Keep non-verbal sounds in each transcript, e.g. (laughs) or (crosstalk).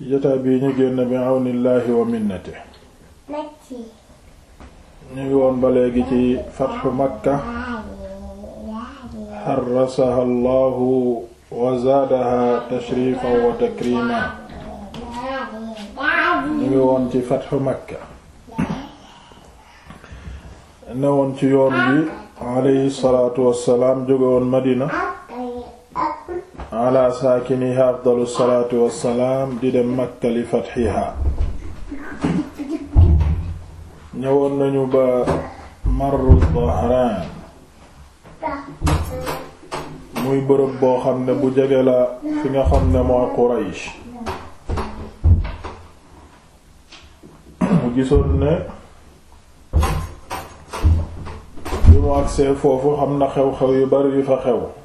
ci jotaay bii ñu génn bi àwnillaahi wa minnati ñu ngi woon ba léegi ci fatxu makka xarasaha allahu wa zaadaha tashrifan wa takriman ñu ngi woon ci fatxu makka ne woon ci yoon bi alayhi salaatu wassalaam jóge woon madina ala saakiniha afdalu salaatu wassalaam di dem Makka li fathiha ñëwoon nañu ba marru Dhahraan muy bërëb boo xam ne bu jege la fi nga xam ne moo Quraysh mu gisoon ne bi mu agsee foofu xam na xew-xew yu bari yu fa xew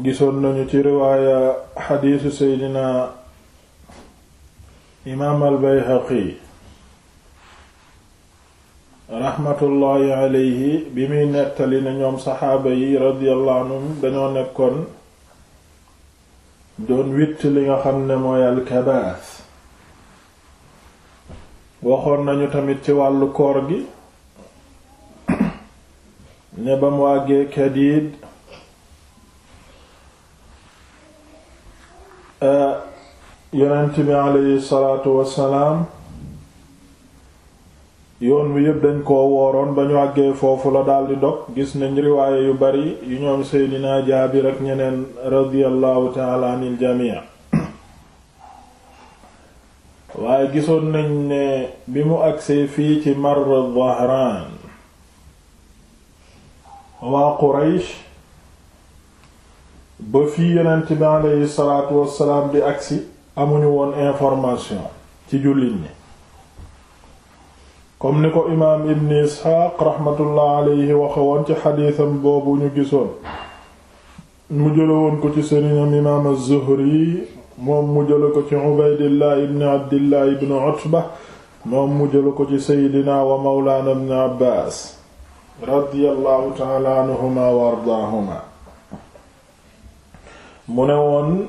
gisoon nañu ci riwaaya xadiisu seydina imaam al bayhaqi raxmatullaahi aleyhi bi muy nettali na ñoom saxaaba yi radiyallahu anhum dañoo nekkoon doon witt li nga xam ne mooy alkabaas waxoon nañu tamit ci wàllu koor gi (coughs) ne ba mu àggee Kadiid Euh, yonent bi aleyhi yoon wi yëpp dañ koo wooroon ba ñu àggee foofu la daldi dog gis nañ riwaaye yu bari yu ñoom seeni jaabir ak ñeneen radiyallahu taala anil jamii waaye gisoon nañ ne bi mu agsee fii ci marr Dhahraan waa Quraysh ba fii yonent bi aleyhi salaatu wassalaam di agsi amuñu woon information ci jullit ñi comme ni ko imaam ibn isxaaq raxmatullah aleyhi woon ci xadiisam boobu ñu gisoon mu jëla woon ko ci sëriñam imaam az moom mu jëla ko ci ubaydillah ibn abdillah ibn utba moom mu jëla ko ci seydina wa mawlaana ibn abbaas radiyallahu taala anhuma wa ardaahuma mu ne woon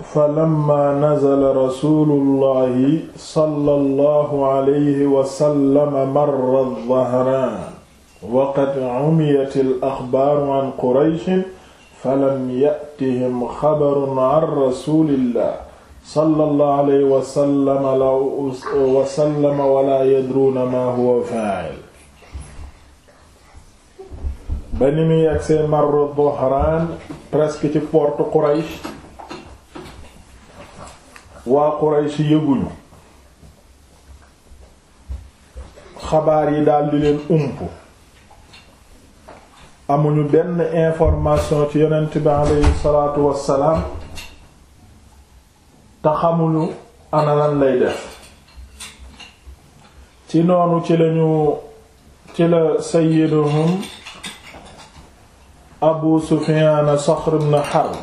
fa lamma nazala rasulullahi sallallahu alayhi wasallam marra ddahraan wa qad umiyat al axbaaru an qurayshin falam yatihim xabarun an rasulillah sallallahu alayhi wasallam wala yadruuna ma huwa faa'il ba ni muy agsee Marru Dhahran presque ci porte Quraysh waa Quraysh yëguñu xabaar yi daldi leen ump amuñu benn information ci yonent bi aleyhi salaatu wassalaam te xamuñu ana lay def ci noonu ci la sayyiduhum abu sufiaan saxr ibn harb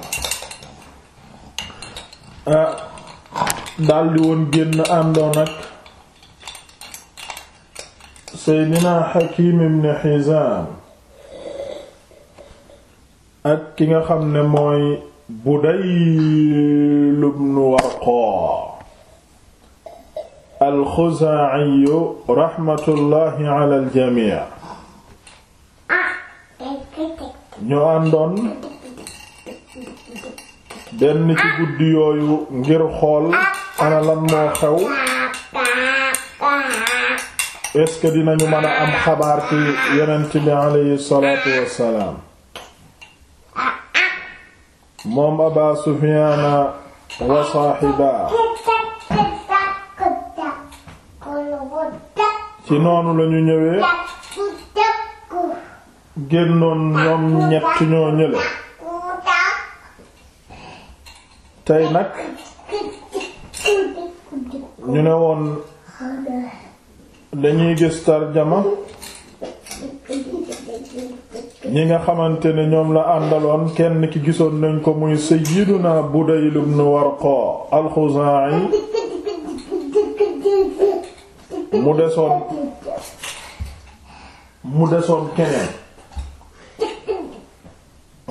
ah, daldi woon génn àndoon ak seydina hakim ibn hizam ak ki nga xam ne mooy budayl ibn warqa al-xuzaa'i rahmatullahi ala al-jamii ñoo àndoon benn ci guddi yooyu ngir xool ana lan moo xew est-ce que dinañu mën am xabaar ci yonent bi alayhi salaatu wassalaam moom Aba Sufyaana wa saaxiba ci noonu lañu ñëwee génnoon ñoom ñett ñoo ñële tey nag ñu ne woon dañuy gis tarjama ñi nga xamante ne ñoom la àndaloon kenn ki gisoon nañ ko muy sayyiduna Budayl ibn Warqa al-Khuzai mu desoon mu desoon keneen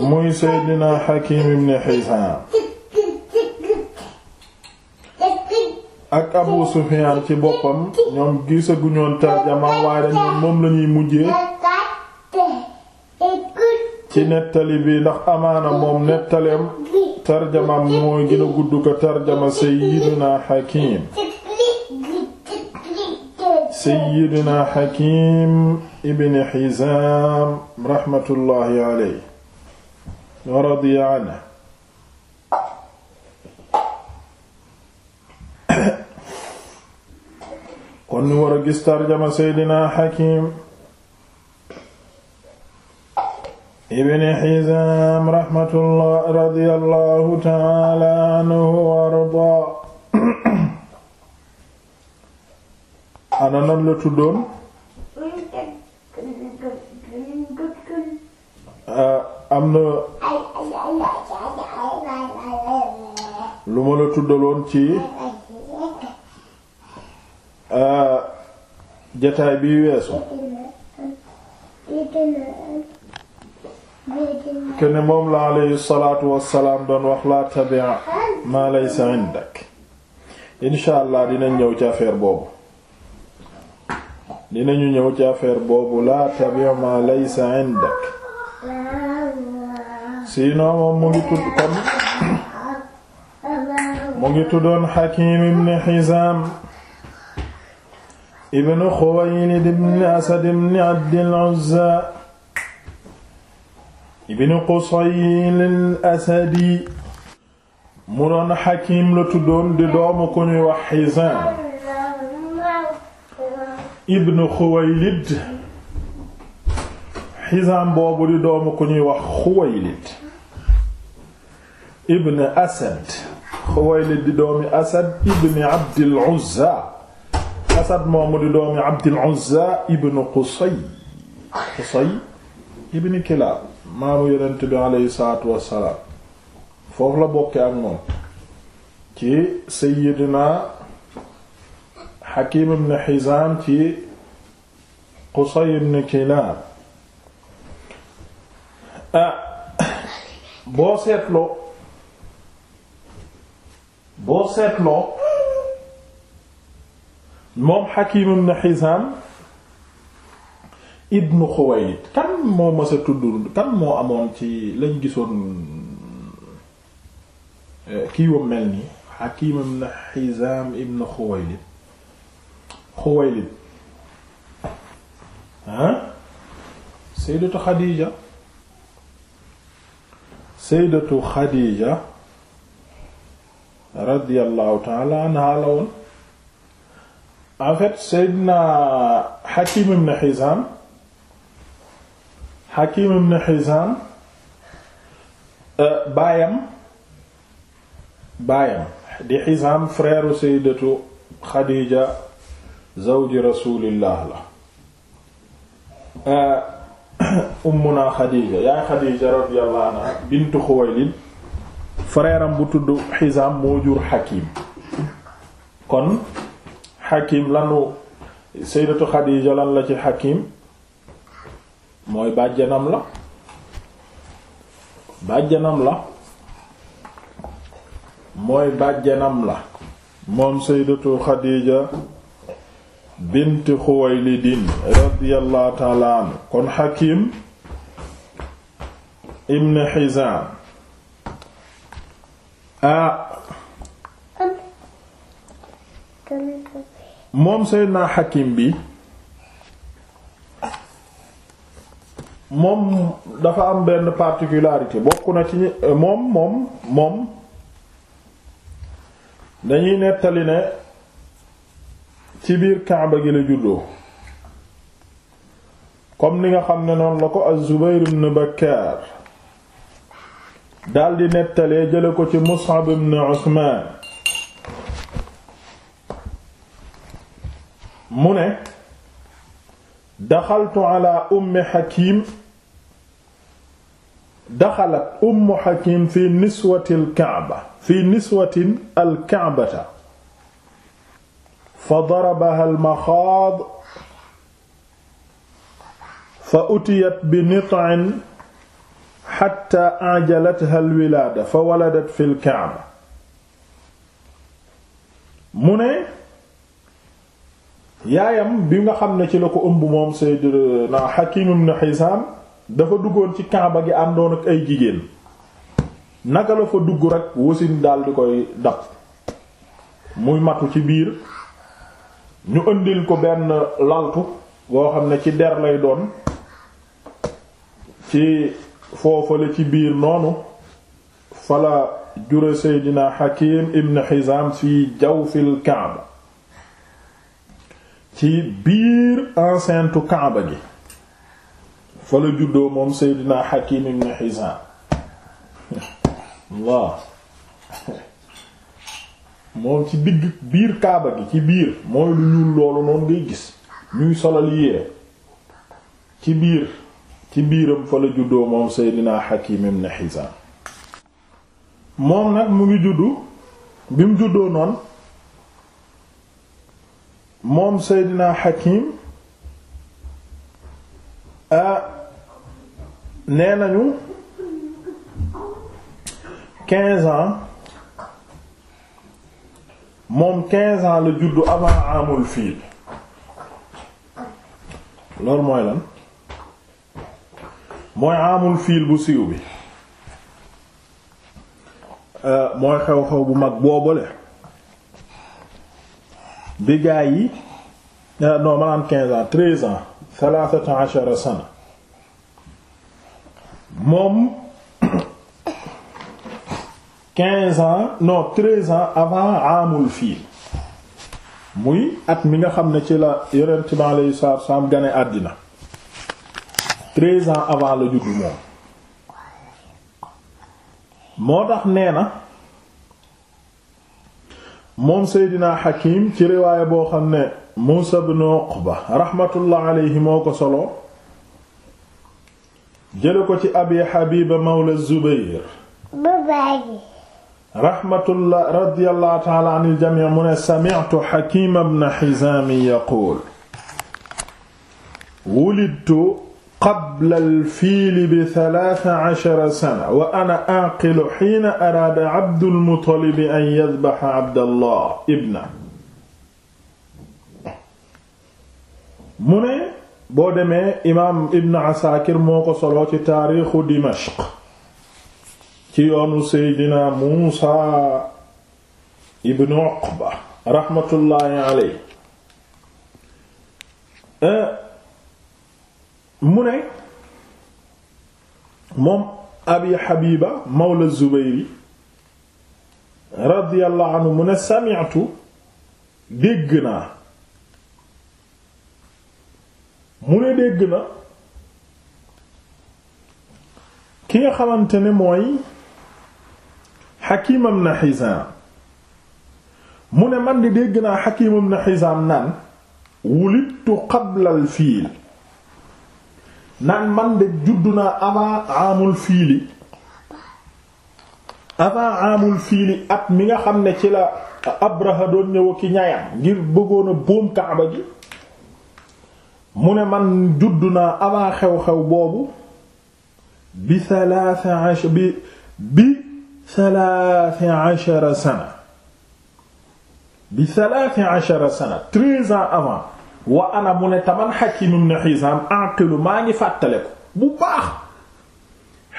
muy Seydina Hakim ibn Hizam ak Abu Sufyan ci boppam ñoom gisaguñoon tarjama waaye ñoom moom lañuy mujjee ci nettali bi ndax amaana moom nettaleem tarjamaam mooy gën gudd ko tarjama Seydina Hakim Seydina Hakim ibn Hizam rahmatullahi alayhi wa radiya anhu kon ñu war a gis tarjama seydina Hakim ibn Hizaam raxmatullah radiyallahu taala anhu wa ardaa ana nan la tuddoon ah, am na lu ma la tuddaloon ci euh, jataay bi weesu kene moom la alayhi salaatu wassalaam doon wax la tabi'a ma laysa ñëw ci affaire boobu dinañu ñëw ci affaire boobu la tabi'a ma laysa indak sinon moom mu ngi tudd kon mu ngi tuddoon Hakim ibn Hizam ibn Khuwaylid ibn Asad ibn Abd al-Uzza ibn Qusay al mu doon Hakim la tuddoon di doomu ku ñuy wax Hizam ibn Khuwaylid ibn asad xuwaylid di doomi asad ibn abdil uzza asad moomu di doomi abdil uzza ibn qusay qusay ibn kilaab maamu yonent bi aleyhi salaatu wassalaam foofu la bokkee ak moom ci sayyidina xakim ibn xizaam ci qusay ibn kilaab ah boo seetloo boo seetloo moom Hakim ibn Hizam ibn Khuwaylid kan moo mës a tudd kan moo amoon ci lañ gisoon eh, kii wam mel nii Hakim ibn Hizam ibn Khuwaylid Khuwaylid ah Sayyidatu Khadija Sayyidatu Khadija radiyallahu taala anha la woon en fait Seydina Hakim ibn Hizam Hakim ibn Hizam euh, baayam baayam di Hizam frère Sayyidatu Khadija zawji Rasulillah la euh, (coughs) ummuna Khadija yaay Khadija radiyallahu anha bintu Khuwaylid frère bu tudd Xizaam moo jur Hakim kon Hakim lanu Sayyidatu Xadiija lan la ci Hakim mooy bàjjanam la bàjjanam la mooy bàjjanam la moom Sayyidatu Xadiija bint Xuwaylidin radiyallahu ta'ala kon Hakim ibn Xizaam ah moom Seydina Hakim bi moom dafa am benn particularité bokk na ci moom moom moom dañuy nettali ne ci biir Kaaba gi la juddoo comme ni nga xam ne noonu la ko az-Zubayr ibn Bakkar daldi nettalee jële ko ci Mus'ab ibn Usman mu ne daxaltu ala ummi Hakim daxalat ummu Hakim fi niswati al-Ka'ba fi niswatin al-Ka'bata fa darabaha al-maxaad fa utiyat bi nit'in xatta ajalatha alwilaada fa waladat fi lkaaba mu ne yaayam bi nga xam ne ci la ko ëmb moom Seydina Hakim ibn Hizam dafa duggoon ci kaaba gi àndoon ak ay jigéen naka la fa dugg rek wasin daal di koy dab muy matu ci biir ñu indil ko benn laltu boo xam ne ci der lay doon ci foofale ci biir noonu fala jure seydina hakim ibn hizam fi jawfil kaaba ci biir enceinte kaaba gi fala juddoo moom seydina hakim ibn hizam waaw moom ci digg biir kaaba gi ci biir mooy lu ñuul loolu noonu ngay gis ñuy solal yee ci biir ci biiram fa la juddoo moom Seydina Hakim ibn Hizam moom nag mu ngi juddu bi mu juddoo noonu moom Seydina Hakim nee nañu quinze ans moom quinze ans la juddu avant amul fiil loolu mooy lan mooy amul fiil bu siiw bi euh, mooy xew-xew bu mag boobale bi gaa yi euh, non maanaam quinze ans treize ans thalathata ashara sana moom (coughs) quinze ans non treize ans avant amul fiil muy at mi nga xam ne ci la yonent ci alayhi salaatu wa salaam gane àddina treize moo tax nee na moom Seydina Hakim ci riwaaya boo xam ne Muusa ibn Uqba raxmatullah moo ko solo jële ko ci Abi Habiba mawla Zubayr raxmatullah radiyallahu ta'ala anil jami' mu ne sami'tu Hakim ibn Hizam yaqul wulidtu qabla alfiili bi talaata ashara sana wa ana aqilu xiina araada Abdul Muttalib an yadbaxa Abdallah ibna mu ne boo demee imaam Ibn Asaakir moo ko soloo ci taarixu Dimashq ci yoonu Seydina Muusa ibn Uqba raxmatullaahi aleyhi mu ne moom abi habiba mawla zubayri radiyallahu anhu mu ne sami'tu dégg naa mu ne dégg na ki nga xamante ne mooy Hakim ibn Hizam mu ne man di dégg naa Hakim ibn Hizam naan wulittu qabla al fiil naan man de juddu naa avant amul fiili avant amul fiili at mi nga xam ne ci la Abraha doon ñëw ki ñayam ngir bëggoon a boom Kaaba gi mu ne man juddu naa avant xew-xew boobu bi thalatha bi bi thalatha ashara sana bi thalatha ashara sana treize ans avant wa ana mu ne taman Hakim ibn Hizam aqilu maa ngi fàttale ko bu baax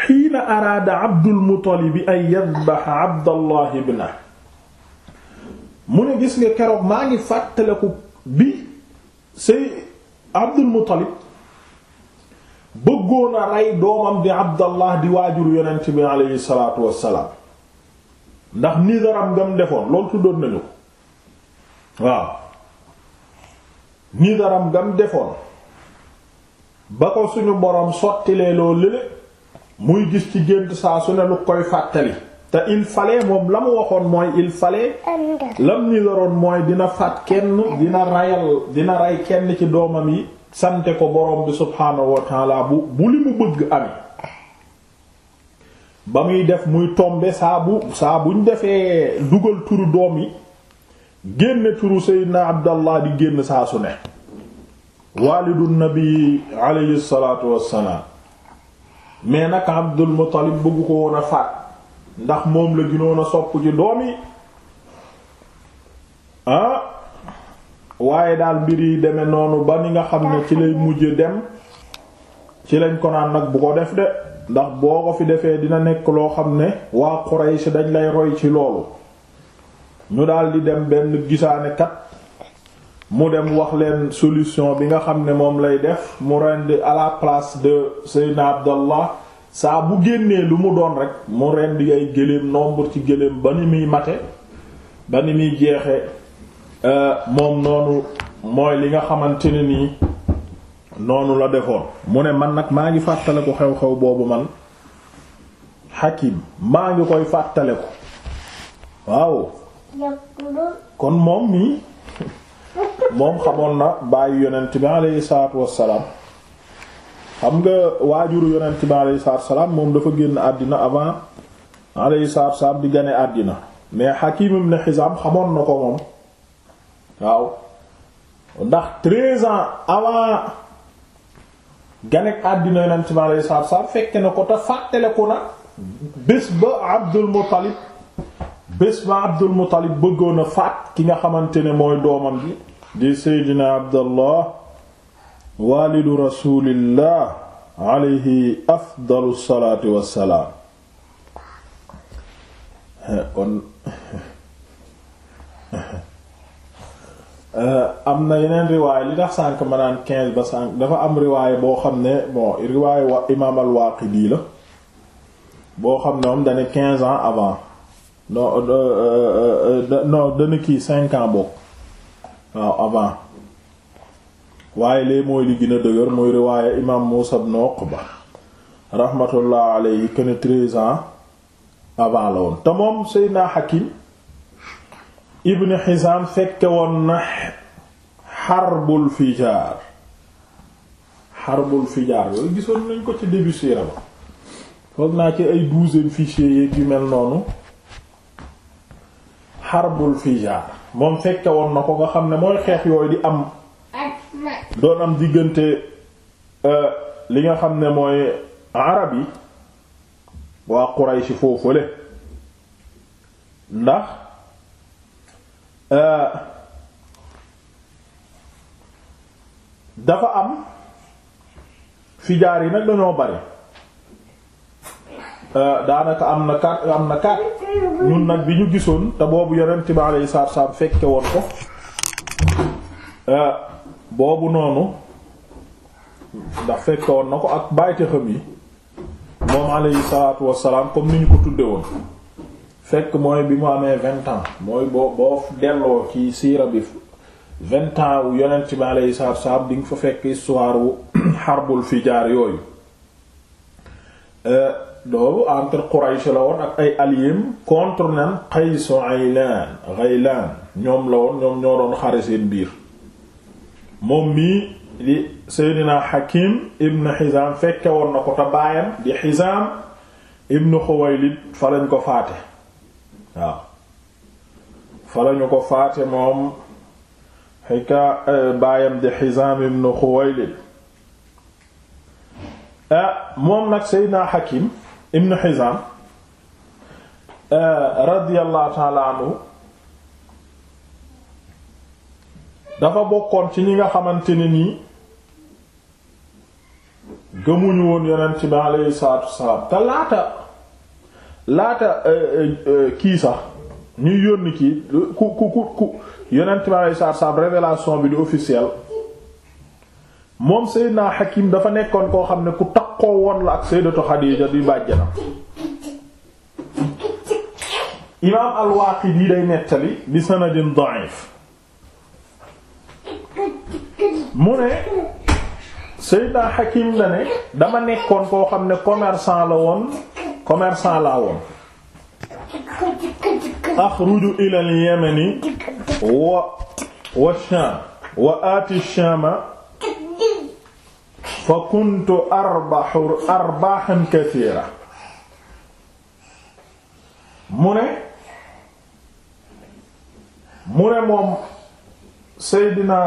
xiina araada Abdul Muttalib an yadbaha Abdallah ibnahu mu ne gis nga keroog maa ngi fàttaleku bi say Abdul Muttalib bëggoon a rey doomam di Abdallah di waajur yonent bi aleyhi salaatu wassalaam ndax nizaram ngam defoon loolu tuddoon nañu ko waaw ni daram gam defoon ba ko suñu boroom sottilee loo lële muy gis ci gént saa su ne lu koy fàttali te il fallait moom la mu waxoon mooy il fallait lam ni mooy dina faat kenn dina rayal dina rey kenn ci doomam yi sante ko boroom bi subhaanahu wa bu bu li mu bëgg amee ba muy def muy tombe saa bu saa buñ defee dugal turu doom yi génne turu seydina abdallah di génn saa su ne waalidu nabi alayhi salaatu wassalaam mais nag abdul muttalib bëgg ko woon a faat ndax moom la ginoon a sopp ci doom yi ah waaye daal mbir yi deme noonu ba ni nga xam ne ci lay mujje dem ci lañ ko naan nag bu ko def de ndax boo ko fi defee dina nekk loo xam ne waa si dañ lay roy ci loolu ñu daldi dem benn gisaane kat mu dem wax leen solution bi nga xam ne moom lay def mu rendi à la place de Seydina Abdallah saa bu génnee lu mu doon rek mu rendi ay gëléem nombre ci gëléem ba ni muy mate ba ni muy jeexe euh, moom noonu mooy li nga xamante ne nii noonu la defoon mu ne man nag maa ngi fàttale ko xew-xew boobu man Hakim maa ngi koy fàttale ko waaw kon moom nii (laughs) moom xamoon na bàyyi yonent bi alayhi salaatu wassalaam xam nga waajuru yonent bi alayhi salaatu wassalaam moom dafa génn àddina avant alayhi salaatu wassalaam di gane àddina mais Hakim ibn Hizam xamoon na ko moom waaw ndax treize ans avant gane àddina yonent bi alayhi salaatu wassalaam fekke na ko te fàttaleku na bés ba Abdul Muttalib bés ba Abdul Muttalib bëggoon a faat ki nga xamante ne mooy doomam bi di Seydina Abdallah waalidu rasulillah alayhi afdalu salaatu wassalaam eh, am na yeneen riwaay li tax sànq ma ba sànq dafa am riwaay boo xam ne bon riwaay imaam al-Waaqidi la boo xam ne moom dane quinze ans avant non non eh, eh, dana kii cinq ans bokk waaw avant waaye lee mooy li a dëgër muy riwaaya imaam Muusa ibn Uqba rahmatullah alayhi kenn treize ans avant la woon te moom Seydina Hakim ibn Hizam fekke woon na xarbul fijaar xarbul fijaar yooyu gisoon nañ ko ci début siira ba foog naa ci ay douzième fichier yi mel noonu xarbul fijaar moom fekke woon na ko nga xam ne mooy xeex yooyu di am doon am diggante euh, li nga xam ne mooy arab yi waa Quraysh foofule ndax euh, dafa am fijaar yi nag dañoo bari Euh, daanaka am na kat am na nag bi ñu gisoon te boobu yonent bi alayhi salaatu salaam fekke woon ko euh, boobu noonu ndax fekke woon na ko ak bàyyite xam yi moom alayhi salaatu wassalaam comme ni ñu ko tudde woon fekk mooy bi mu amee vingt ans mooy boo boo delloo ci siira bi vingt ans wu yonent bi alayhi salaatu wassalaam di nga fa fekk histoire wu xarbul (clears throat) fijaar yooyu euh, loolu entre Quraysh la woon ak ay alliés contre nan Qays Aylaan Ghaylaan ñoom la woon ñoom ñoo doon xare seen biir moom mii di Seydina Hakim ibn Hizam fekke woon na ko te baayam di Hizam ibn Khuwaylid fa lañ ko faate fa lañu ko faate moom xika eh, baayam di Hizam ibn Khuwaylid eh, moom nag Seydina Hakim ibn Hizam euh, radiyallahu ta'ala anhu dafa bokkoon ci ñi nga xamante ne nii gëmuñu woon yonent bi alayhi salaatu wasalaam te laata laata euh, euh, kii sax ñuy yónni kii ku ku ku ku yonent bi alayhi salaatu wasalaam révélation bi di officiel moom Seydina Hakim dafa nekkoon koo xam ne ku takkoo woon la ak Sayyidatu Xadiija di bàjjanam imaam al-Waaqidi day nettali bi sanadin da'if mu ne Seydina Hakim la ne dama nekkoon koo xam ne commerçant la woon commerçant laa woon axruju ila al wa wa Shaam wa aati Shaama fa kuntu arbaxu arbaaxan kasiira mu ne mu ne moom seydina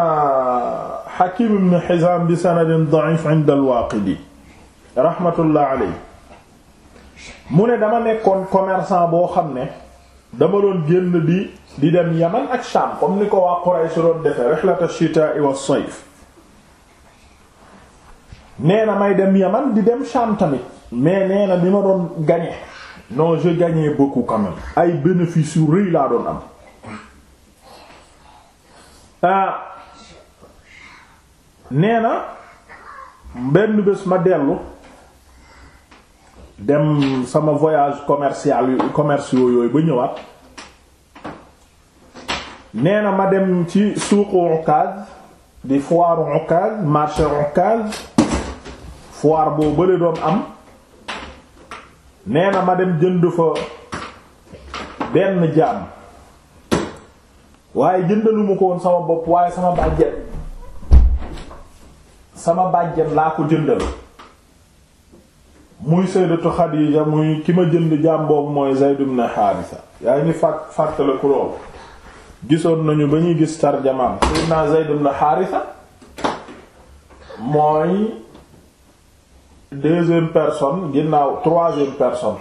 xakim ibn xizaam bi sanadin da'if inda mu ne dama nekkoon commerçant boo xam ne dama doon génn bi di dem yaman ak Shaam comme ni ko waa Quraysh doon defe rixlata shitaa'i was sayf nee na may dem Yaman di dem Sham tamit mais nee bi ma doon gagné non je gagnais beaucoup quand ay bénéfices yu rëy laa doon am ah nee na benn bés ma dellu dem sama voyage commercial commerciaux yooyu ba ñëwaat nee na ma dem ci suuqu Ukaz di foire Ukaz marché Ukaz foire boo bële doon am nee ma dem jënd fa benn jaam waaye jëndaluma ko woon sama bopp waaye sama bàjjen sama bàjjen laa ko jëndal muy sayyidatu Xadiija muy ki ma jënd jaam boobu mooy Zayd ibn Haarisa yaa ngi fàtt fàttaliku lool gisoon nañu ba ñuy gis tarjamaam sayyidna Zayd ibn Haarisa mooy deuxième personne ginnaaw troisième person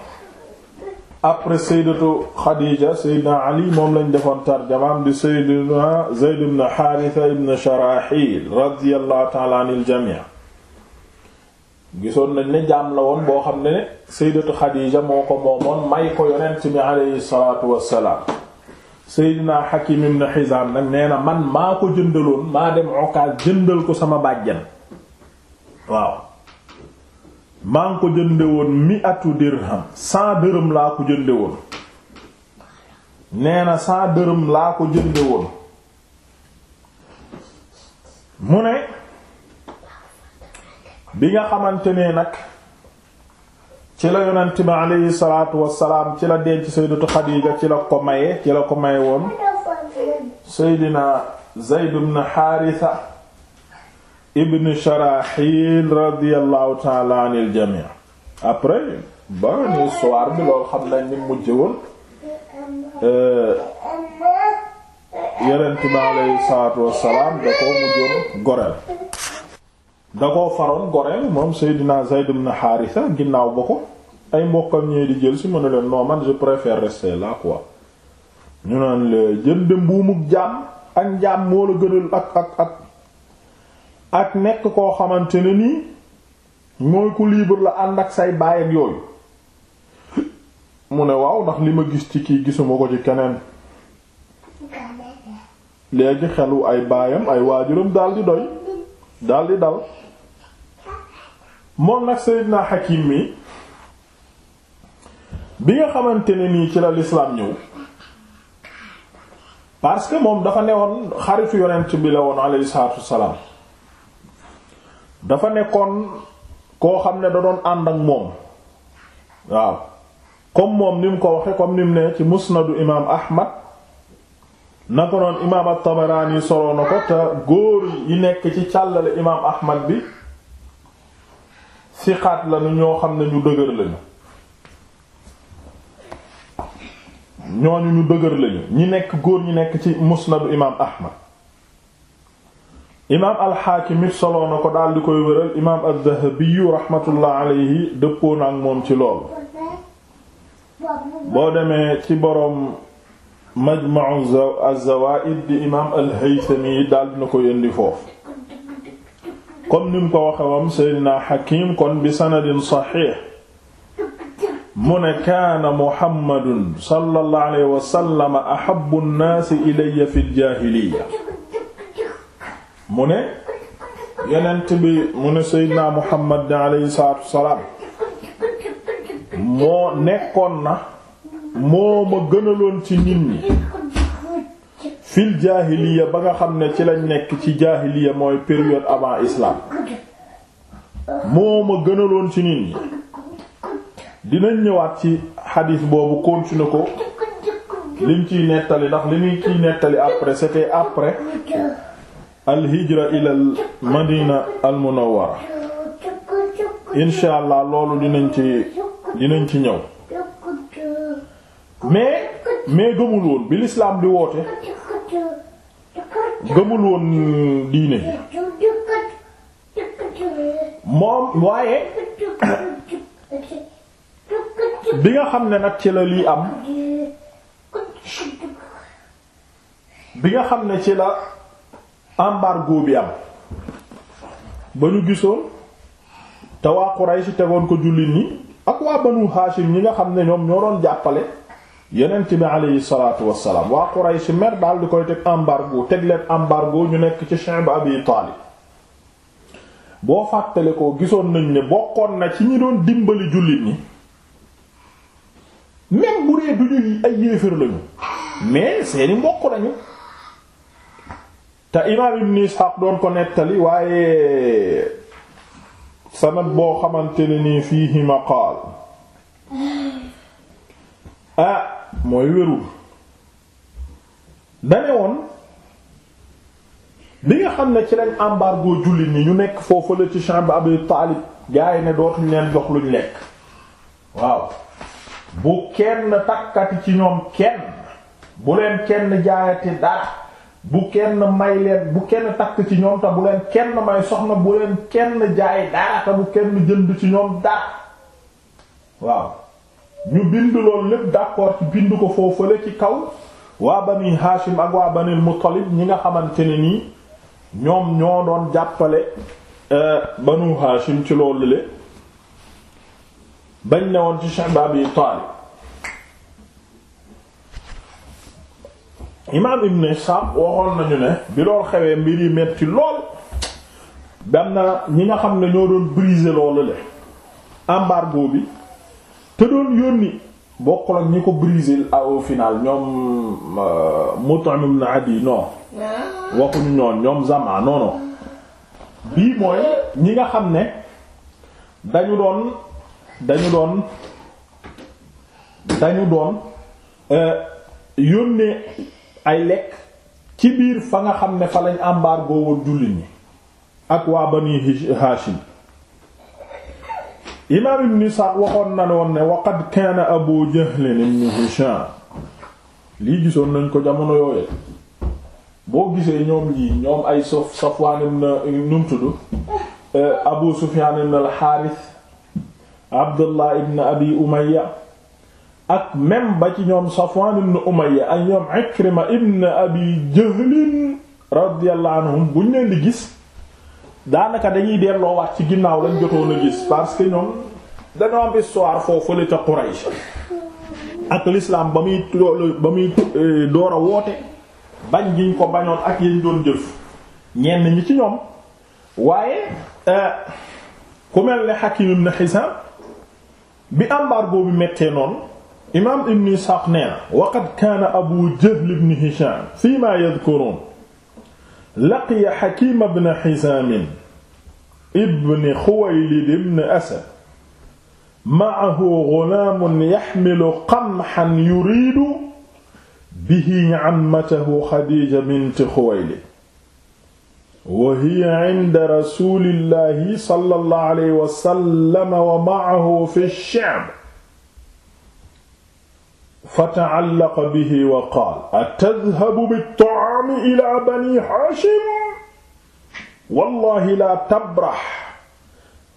après sayyidatu Khadija sayyidina Ali moom lañ defoon tarjamaam di sayyidina Zayd ibn Haritha ibn Sharahil radiyallahu ta'ala anil jami' gisoon nañ ne la woon boo xam ne ne sayyidatu Khadija moo ko moomoon may ko yonent bi alayhi salaatu wassalaam sayyidina Hakim ibn Hizam nag nee na man maa ko jëndaloon maa dem Okaz jëndal ko sama bàjjan waaw maa ko jënde woon mi atu dirham cent dërëm laa ko jënde woon nee na cent dërëm laa ko jënde woon mu ne bi nga xamante ne nag ci la yonent bi aleyhi salaatu wassalaam ci la denc sayyidatu Xadiija ci la ko maye ci la ko maye woon Seydina Zayd ibn ibn Sharaxil radiyallahu taala anil jamii après ba ni soir bi loolu xam nañ ni mujj woon euh, yonent bi aleyhi salaatu wassalaam da koo mujjoon goreel da koo faroon goreel moom Seydina Zayd ibn Haarisa ginnaaw ba ko ay mbokkam ñee jël si mën a leen non je préfère rester là quoi ñu naan la jënd mbuumug jaam ak njaam moo la gënal ak ak ak ak nekk koo xamante ni nii mooy ku libre la ànd ak say baay ak yooyu mu ne waaw ndax li ma gis ci kii gisuma ko ci keneen léegi xelu ay baayam ay waajuram daldi doy daldi dal moom nag Seydina Hakim mi bi nga xamante ne nii ci la lislaam ñëw parce que moom dafa newoon xaritu yonent bi la woon alayhi salaatu wassalaam dafa nekkoon koo xam ne da doon ànd ak moom waaw comme moom ni mu ko waxe comme ni mu ne ci musnadu imaam ahmad na ko noon imaam at-Tabaraani soloo na ko te góor yi nekk ci càllale imaam ahmad bi siqaat lañu ñoo xam ne ñu dëgër lañu ñooñu ñu dëgër lañu ñi nekk góor ñi nekk ci musnadu imaam ahmad imaam alxaakim it solo na ko daal koy wéral imaam addahabiyu raxmatullah aleyhi dëppoo na ak moom ci loolu boo demee ci boroom majmau azawaaid di imaam alhaytami yi daal dina ko yëndi foofu comme ni ko waxe wam seydina xakim kon bi sanadin saxiix mu ne kaana muhammadun sallallahu alayhi wa sallam ahabbu nnaasi ilayya fi ljaahiliya mu ne yonent bi mu ne Seydina Muhammad alayhi salaatu wasalaam moo nekkoon na moo ma gënaloon ci nit ñi fil jaahiliya ba nga xam ne ci lañ nekk ci jaahiliya mooy période avant islam moo ma gënaloon ci nit ñi dinañ ñëwaat ci xadiis boobu continuer ko liñ ciy nettali ndax liñuy ñu ciy nettali après c'était après alhijra ilal madina al munawwara incha allah loolu dinañ ci dinañ ci ñëw mais mais gëmul woon bi di woote gëmul woon diine moom waaye bi nga xam ne nag ci la lii am bi nga xam ne ci la embargo bi am ba ñu gisoon te waa Quraysh tegoon ko jullit ñi ak waa Banu Hashim ñi nga xam ne ñoom ñoo doon jàppale yonent bi aleyhi salaatu wassalaam waa Quraysh mer daal koy teg embargo teg embargo ñu nekk ci Shi'b Abi Taalib boo fàttale ko gisoon nañ ne bokkoon na ci ñi doon dimbali jullit ñi même bu dee du ñuy ay yéefar lañu mais seeni mbokk lañu te imaam ibn Ishaq doon ko nettali waaye sanad boo xamante ne nii fiihi maqaal ah mooy wérul dane woon bi nga xam ne ci lañ embargo julli ni ñu nekk foofu la ci Sha'b Abi Taalib gaay ne dootuñ leen jox luñ lekk waaw bu kenn takkati ci ñoom kenn bu leen kenn jaayati dara bu kenn may leen bu kenn takk ci ñoom te bu leen kenn may soxna bu leen kenn jaay dara te bu kenn jënd ci ñoom dara waaw ñu bind loolu lépp d'accord ci bind ko foofale ci kaw waa bani Hashim ak waa bani Muttalib ñi nga xamante ne nii ñoom ñoo doon jàppale euh, banu Hashim ci loolu le bañ ne woon ci Sha'b Abi Talib imaam ibn Ishaq waxoon nañu ne bi lool xewee mbir yi metti lool dam na ñi nga xam ne ñoo doon briser loolu le embargo bi te doon yónni bokkul ak ñi ko briser au final ñoom euh, Mut'im ibn Adi non ah. waxuñu ñoom Zama non bii mooy ñi nga xam ne dañu doon dañu doon dañu doon euh, yónnee ay lekk ci biir fa nga xam ne fa lañ embargo woon jullit ñi ak waa bani Haashim imaam ibn Sa'd waxoon na woon ne waqad kaana Abu Jahl ibn Hisham lii gisoon nañ ko jamono yooyee boo gisee ñoom lii ñoom ay sof Safwaan ibn num eh, Abu Sufyaan ibn al-Haaris Abdullah ibn Abi Umayya ak même ba ci ñoom Safwan ibn Umayya ak ñoom Ikrima ibn Abi Jahl radiyallahu anhum buñ leen di gis daanaka dañuy delloo wax ci ginnaaw lañ jotoon a gis parce que ñoom dañoo am histoire foofu la ca Quraysh ak l'islam ba muy ba muy eh, door a woote bañ giñ ko bañoon ak yañ doon jëf ñenn ñi ci ñoom waaye eh, ku mel ne Hakim ibn Hizam bi embargo bi mettee noonu imaam ibn Isxaaq nee na waqad kaana Abu Jahl ibn Hishaam fii maa yadkuruun laqiya Hakiim ibn Hizaam ibn Xuwaylid ibn Asad ma'ahu ghulaamun yaxmilu qamhan yuriidu bihi ammatahu Xadiija bint Xuwaylid wa hiya inda rasuulillaahi sallallaahu alayhi wa sallam wa ma'ahu fi ash-sha'b fata'allaqa bihi wa qaala atadhabu bit-ta'aami ilaa banii Haashim wallaahi laa tabrax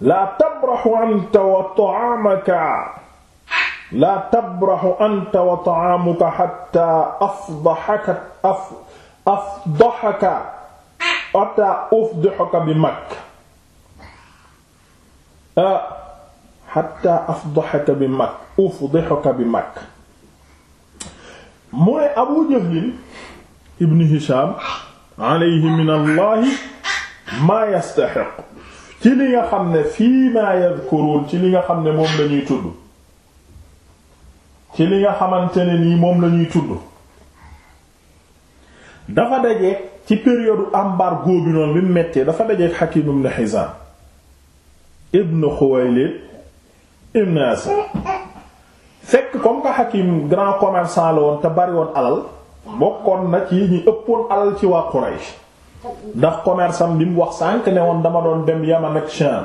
laa tabraxu anta wa ta'aamaka laa tabraxu anta wa ta'aamuka hattaa afdaxaka afdaxaka hattaa afdaxaka bi Makka hattaa afdaxaka bi Makka afdaxaka bi Makka mu ne abu jahlin ibn hisham alayhi min ci li nga xam ne fii maa yadkurun ci li nga xam ne moom lañuy tudd ci li nga xamante ne nii moom lañuy tudd dafa dajeeg ci période embargo bi noonu bi mettee dafa dajeeg Hakim ibn Hizam ibn Khuwaylid ibn Asad fekk comme que Hakim grand commerçant la woon te bariwoon alal bokkoon na ci ñi ëppoon alal ci waa Quraysh ndax commerçant bi mu wax sànq ne woon dama doon dem Yaman ak Sham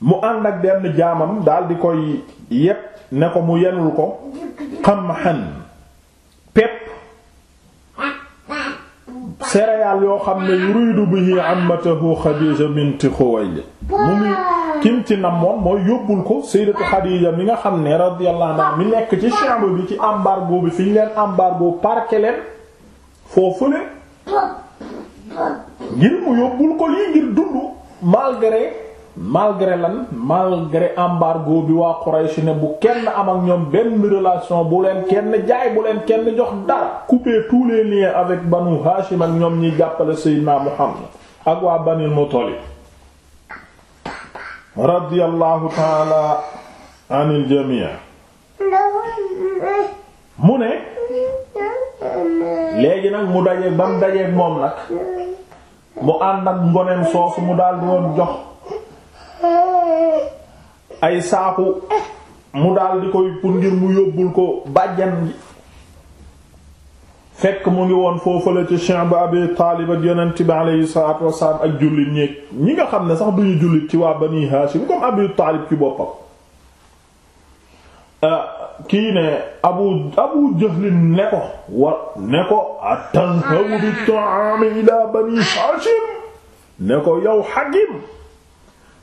mu ànd ak benn jaamam daal di koy yépp ne ko mu yenul ko qamhan pepp céréales yoo xam ne yuridu bihi ammatahu Khadija bint Khuwaylid mu ngi kim ci namoon mooy yóbbul ko sayyidatu Xadiija mi nga xam ne radiyallahu anha mi nekk ci chambre bi ci embargo bi fi ñu leen embargo parqué leen foofu le ngir mu yóbbul ko lii ngir dund malgré malgré embargo bi waa Quraysh ne bu kenn am ak ñoom benn relation bu leen kenn jaay bu leen kenn jox dara couper tous lien liens avec Banu Hashim ak ñoom ñuy jàppale Sayyidina Muhammad ak waa Banil Muttalib radiyallahu taala anil jamii mu ne léegi nag mu dajeeg ba mu dajeeg moom nag mu ànd ak ngoneem soosu mu daldi woon jox ay saaku mu daldi koy pour ngir mu yóbbul ko bàjjan fekk mu ngi woon foofu la ci Shi'b Abi Taalib ak yonent bi alayhi salaatu wasalaam ak jullit ñeeg ñi nga xam ne sax duñu jullit ci waa Bani Haashim comme Abi Taalib ci boppam euh, kii ne abu abu jahlin ne ko wa ne ko atazhabu bi ta'am ila bani hashim ne ko yow hakim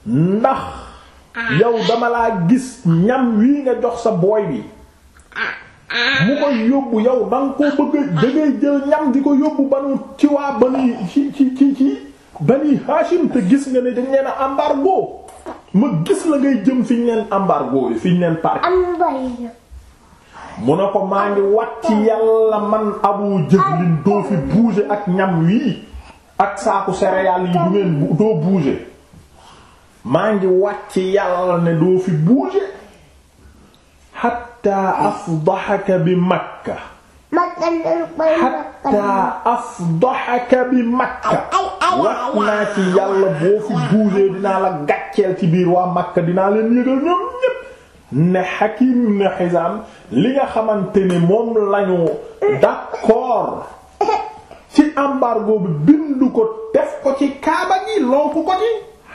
ndax ah. yow dama laa gis ñam wii nga jox sa booy bi ah. mu koy yóbbu yow da nga koo bëgg ah. da jël ñam di ko yóbbu ba ci waa bani ci ci ci ci bani Hashim te gis nga ne dañ leen a embargo ma gis la ngay jëm fi ñu leen embargo yi fi ñu leen park mu ne ko maa ngi wat ci yàlla man Abu Jahlin doo fi bouger ak ñam wii ak saaku céréales yi du ngeen doo bouger maa ngi wat ci yàlla ne doo fi bouger xatta afdaxaka bi makka xatta afdaxaka bi makka wax naa ci yàlla boo fi buusee dinaa la gàcceel ci biir waa makka dinaa leen yëgal ñoom ñépp ne Hakim ne Hizam li nga xamante ne moom lañu d'accord ci embargo bi bindu ko def ko ci kaaba gi lonku ko ci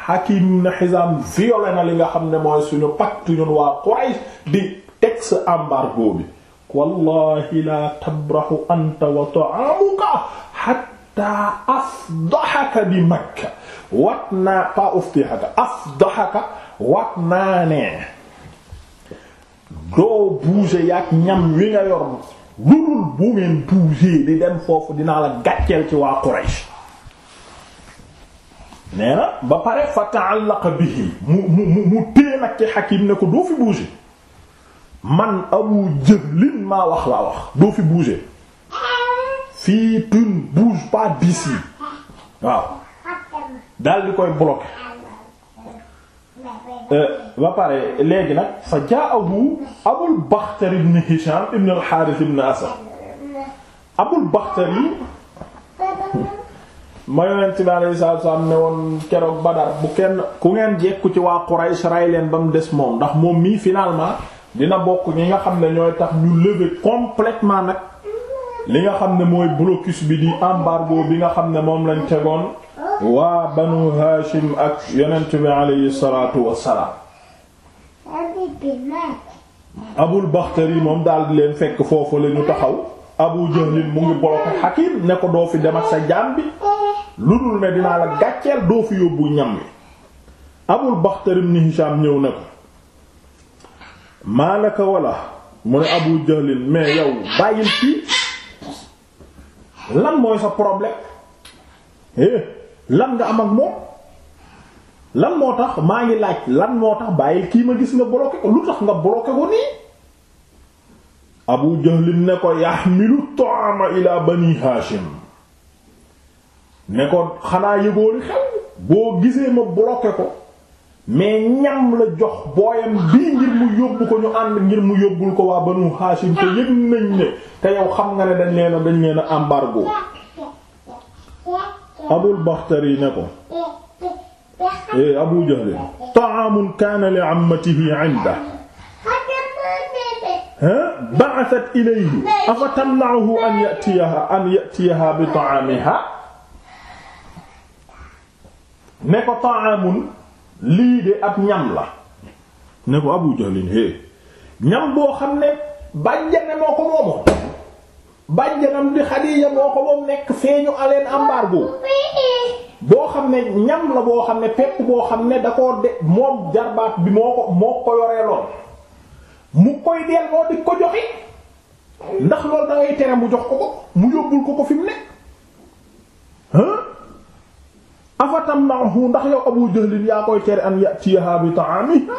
Hakim ne Hizam violé na li nga xam ne mooy suñu pacte ñun waa Quraysh di teg sa embargo bi wallahi la tabrahu anta wa ta'amuka hatta afdahaka bi makka wat naa pas uftihaka afdahaka wat naa ne doo bouger yaak ñam wi nga yor ludul bu ngeen bouger di dem foofu dinaa la gàcceel ci waa Quraysh nee na ba fa ta'allaqa bihi mu mu mu téye Hakim ne ko doo fi bouger man abu jëlin maa wax laa wax doo fi bouger fii tu ne bouges pas d'ici waaw daal di koy bloquer euh, pare léegi nag fa jaahu abul baxtari ibn hisham ibn al harith ibn asad abul baxtari ma yonent bi alayhi salaatu wa salaam ne woon keroog Badar bu kenn ku ngeen jekku ci waa Quraysh ray ba mu des moom ndax moom mii finalement dina bokk ñi nga xam ne ñooy tax ñu lever complètement nag li nga xam ne mooy blocus bi di embargo bi nga xam ne moom lañ tegoon waa banu Hashim ak yonent bi alayhi salaatu wassalaam Abul Bakhtari moom daal di leen fekk foofu la ñu taxaw Abu Jahl mu ngi bloqué Hakim ne ko doo fi dem ak sa jaam bi lu dul ne dinaa la gàcceel doo fi yóbbu ñam wi Abul Bakhtari ibn Hisham ñëw na ko maalaka wala mu ne Abu Jahlin mais yow bàyyil fii lan mooy sa problème eh lan nga am ak moom lan moo tax maa ngi laaj lan moo tax bàyyil kii ma gis nga bloqué ko lu tax nga bloqué ko nii Abu Jahlin ne ko yaxmilu ta'ama ila bani Hashim ne ko xanaa yëgóoli xel boo gisee ma bloqué ko mais ñam la jox booyam bii ngir mu yóbbu ko ñu ànd ngir mu yóbbul ko waa banu Hashim yëg nañ ne te yow xam nga ne dañ leena dañ leena embargo Abul Bakhtari ne ko eh Abu Jahl ta'amun kana li ammatihi 'inda ba'athat ilayhi afatamna'uhu an ya'tiyaha an ya'tiyaha bi ta'amiha ne ko ta'amun lii de ab ñam la ne ko Abu Jahlin hé ñam boo xam ne bàjjane moo ko moomoon bàjjanam di Xadiija moo ko moom nekk feeñu aleen embargo boo xam ne ñam la boo xam ne pepp boo xam ne da koo de moom jarbaat bi moo ko moo ko yoreeloon mu koy delloo di ko joxe ndax lool dangay ngay tere mu jox ko ko mu yóbbul ko ko fi mu nekk afatamnahu ndax yow abu jahlin yaa koy tere an yatiha bi ta'amiha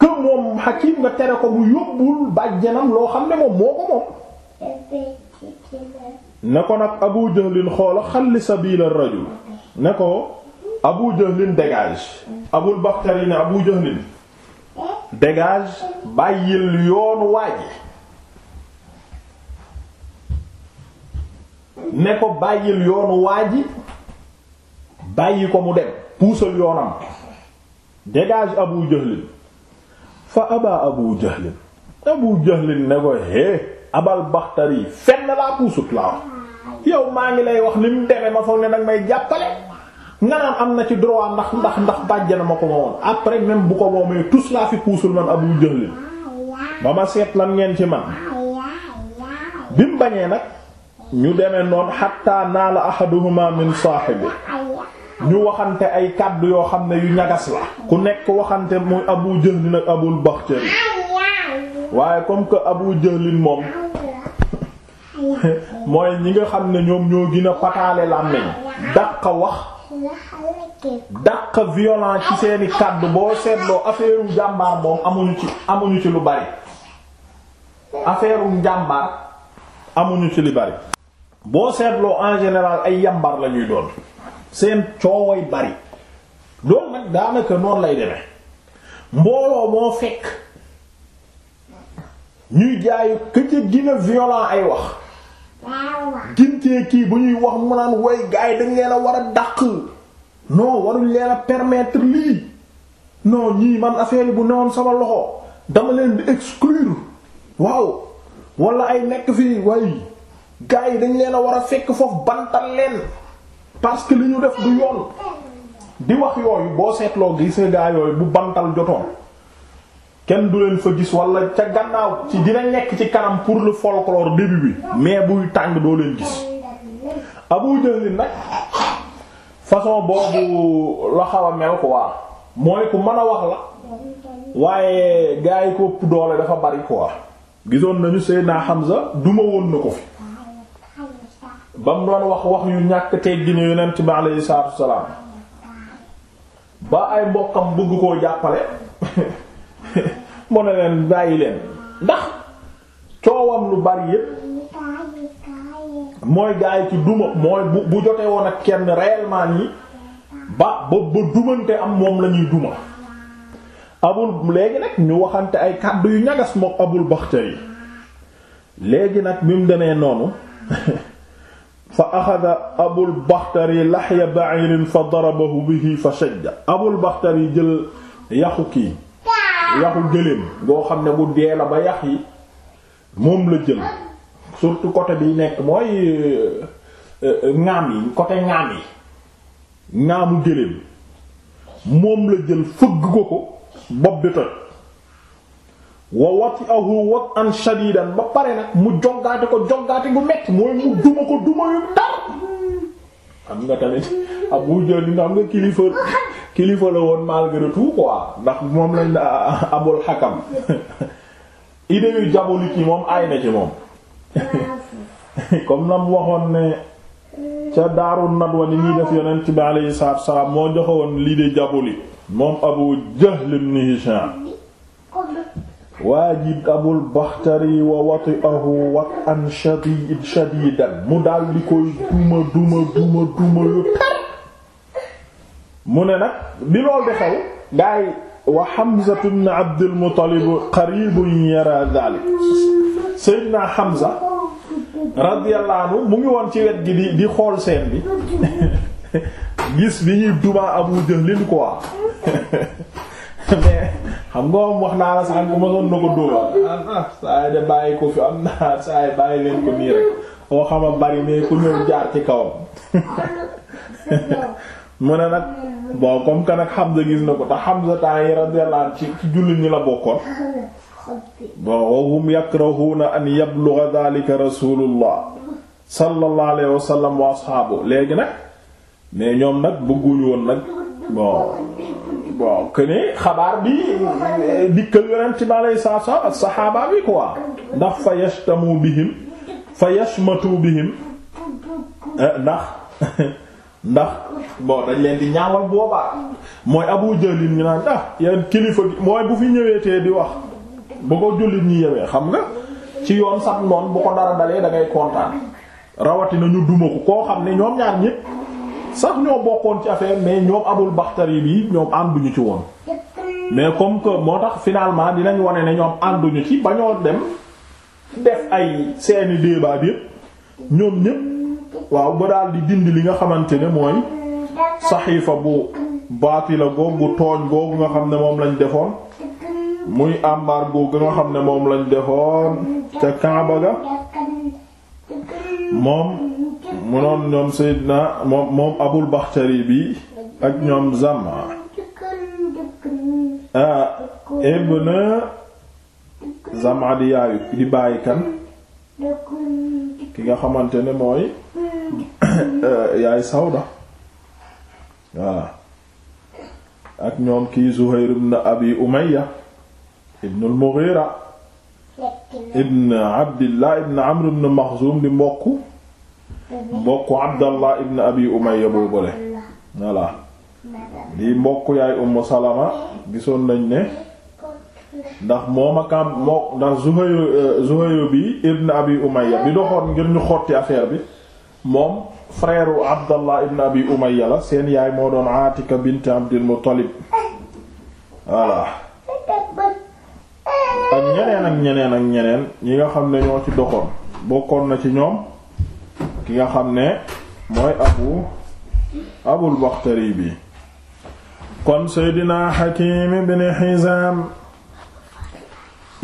que moom hakim nga tere ko bu yóbbul bàjjanam loo xam ne moom moo ko moom ne ko nag abu jahlin xoola xalli sabila rajul ne ko abu jahlin dégage abul bakhtari ne abu jahlin dégage bàyyil yoonu waaji ne ko bàyyil yoonu waaji bàyyi ko mu dem puusal yoonam dégage abu jahlin fa aba abu jahlin abu jahlin ne ko hé abal baxtari fenn laa puusut laa wax yow maa ngi lay wax ni mu demee ma foog ne nag may jàppale nga naan am na ci droit ndax ndax ndax bàjjana ma ko moomoon après même bu ko moomee tous laa fi puusul man abu jahlin ba ma seet lan ngeen ci man bi mu bañee nag ñu deme noon xatta naa la ahaduhuma min saahibi ñu waxante ay kàddu yoo xam ne yu ñagas la ku nekk waxante muy Abu Jahl nag Abul Bakhtari waaye comme que Abu Jahl moom (laughs) mooy ñi nga xam ne ñoom ñoo gën a pataale làmmiñ dàqa wax daq violent ci seeni kàddu boo seetloo affaire u jàmbaar moom amuñu ci amuñu ci lu bari affaire u jàmbaar amuñu ci lu bari boo seetloo en général ay yambar lañuy doon seen cooway bari loolu nag daanaka noonu lay demee mbooloo moo fekk ñuy jaayu këca gina violent ay wax gintee kii bu ñuy wax mu naan way gaa yi dañ leen a war a dàq non waruñ leen a permettre lii non ñii man affaire bu newoon sama loxo dama leen di exclure waaw wala ay nekk fii way gars yi dañ leen a war a fekk foofu bantal leen parce que li ñu def du yoon di wax yooyu boo seetloo gis nga gaa yooyu bu bantal jotoon kenn du leen fa gis wala ca gannaaw ci dina nekk ci kanam pour le folklore début bi mais buy tàng doo leen gis Abu Jahl nag façon boobu la xaw a mel quoi mooy ku mën a wax la waaye gaa yi ko doole dafa bari quoi gisoon nañu Seydina Hamza duma woon na ko fi ba mu doon wax wax yu ñàkk tegginu yonent bi alayhi salaatu wassalaam ba ay mbokkam bëgg koo jàppale (laughs) mu ne leen bàyyi leen ndax coowam lu bari yépp mooy gaa yi ci duma mooy bu bu jotee woon ak kenn réellement yi ba ba dumante am moom lañuy duma abul léegi nag ñu waxante ay kàddu yu ñagas mook abul baxtari léegi nag bi mu demee noonu (laughs) fa axada abul baxtari laxya ba'irin fa darabahu bihi fa shajja abul baxtari jël yaxu kii yaxu gëléem boo xam ne bu dee la ba yax yi moom la jël surtout côté bi nekk mooy euh, euh, ŋaam yi côté ŋaam yi ŋaamu gëléem moom la jël fëgg ko ko bopp bi toj wa wati'ahu wat'an shadidan ba pare nag mu jongaate ko jongaate gu metti mooy mu duma ko duma yu tar xam nga tamit Abu Jahl nga xam nga kilifa kilifa la woon malgré tout quoi ndax moom lañ la Abul Hakam idée yu diabolique yi moom aay na ci moom comme nam waxoon ne ca Daaru Nadwa ni ñuy def yonent bi alayhi salaatu wassalaam moo joxewoon l'idée diabolique moom Abu Jahl ibn Hisham waajib abul baxtari wa wati'ahu wat an mu daal di koy duma duma duma duma yu mu ne nag bi lool di xew gaa yi wa Hamza ibn Abdul Muttalib qaribun yara dhalik Seydina Hamza radiyallahu anhu mu ngi ci wet gi di di xool seen bi (laughs) gis bi ñuy duma Abu Jahl quoi (laughs) mais xam nga moom wax naa la sax bu ma doon na ko dóoral saa yi de bàyyi ko fi am naa (laughs) saa yi bàyyi leen ko nii rek koo xama bari mais ku ñëw jaar ci kawam (laughs) mu ne nag bon comme que nag Hamza gis na ko te Hamza temps yi radiyallahu ci ci jullit ñi la bokkoon bon wa hum yakrahuuna an yablugha dhalika rasulullah sallallahu alayhi wa sallam léegi nag mais ñoom nag bëgguñu woon nag bon bon que xabaar bi euh, dikkal yonent bi alayhi salaatu salaam ak saxaaba bi quoi ndax fa yashtamu bihim fa yashmatu bihim euh, ndax (laughs) ndax bon dañ leen di ñaawal boobaa mooy Abu Jahlin ñu naan ah yan kilifa gi mooy bu fi ñëwee ñëweetee di wax bu ko jullit ñi yewee xam nga ci yoon sax noonu bu ko dara dalee da kontaan rawatina ñu duma ko koo xam ne ñoom ñaar ñépp sax ñoo bokkoon ci affaire mais ñoom abul baxtari bi ñoom ànduñu ci woon mais comme que moo tax finalement dinañ wane ne ñoom ànduñu ci ba ñoo dem def ay seeni débat yëpp ñoom ñépp waaw ba daal di dindi li nga xamante ne mooy saxiifa bu baatila la googu tooñ googu nga xam ne moom lañ defoon muy ambar googu nga xam ne moom lañ defoon ca Kaaba moom mu noon ñoom Seydina moom moom Abul Bakhtari bi ak ñoom Zama ah ibn Zama di yaayu di bàyyi kan ki nga xamante ne mooy (coughs) yaay Sawda voilà ak ñoom kii Zuhayr ibn Abi Umayya ibn al-Mughira ibn Abdillah ibn Amr ibn Makhzum di mbokk mbokk abdallah ibn abi umayya boobale voilà di mbokk yaay ummu salama gisoon nañ ne ndax moom ak am ndax zuhayr euh, zuhayr bi ibn abi umayya bi doxoon ngir ñu xotti affaire bi moom frère abdallah ibn abi umayya la seen yaay moo doon atika bint abdil muttalib voilà ak ñeneen ak ñeneen ak ñeneen ñi nga xam ne ñoo ci doxoon bokkoon na ci ñoom ki nga xam ne mooy abu abul baxtari bi kon seydina xakim ibn xizaam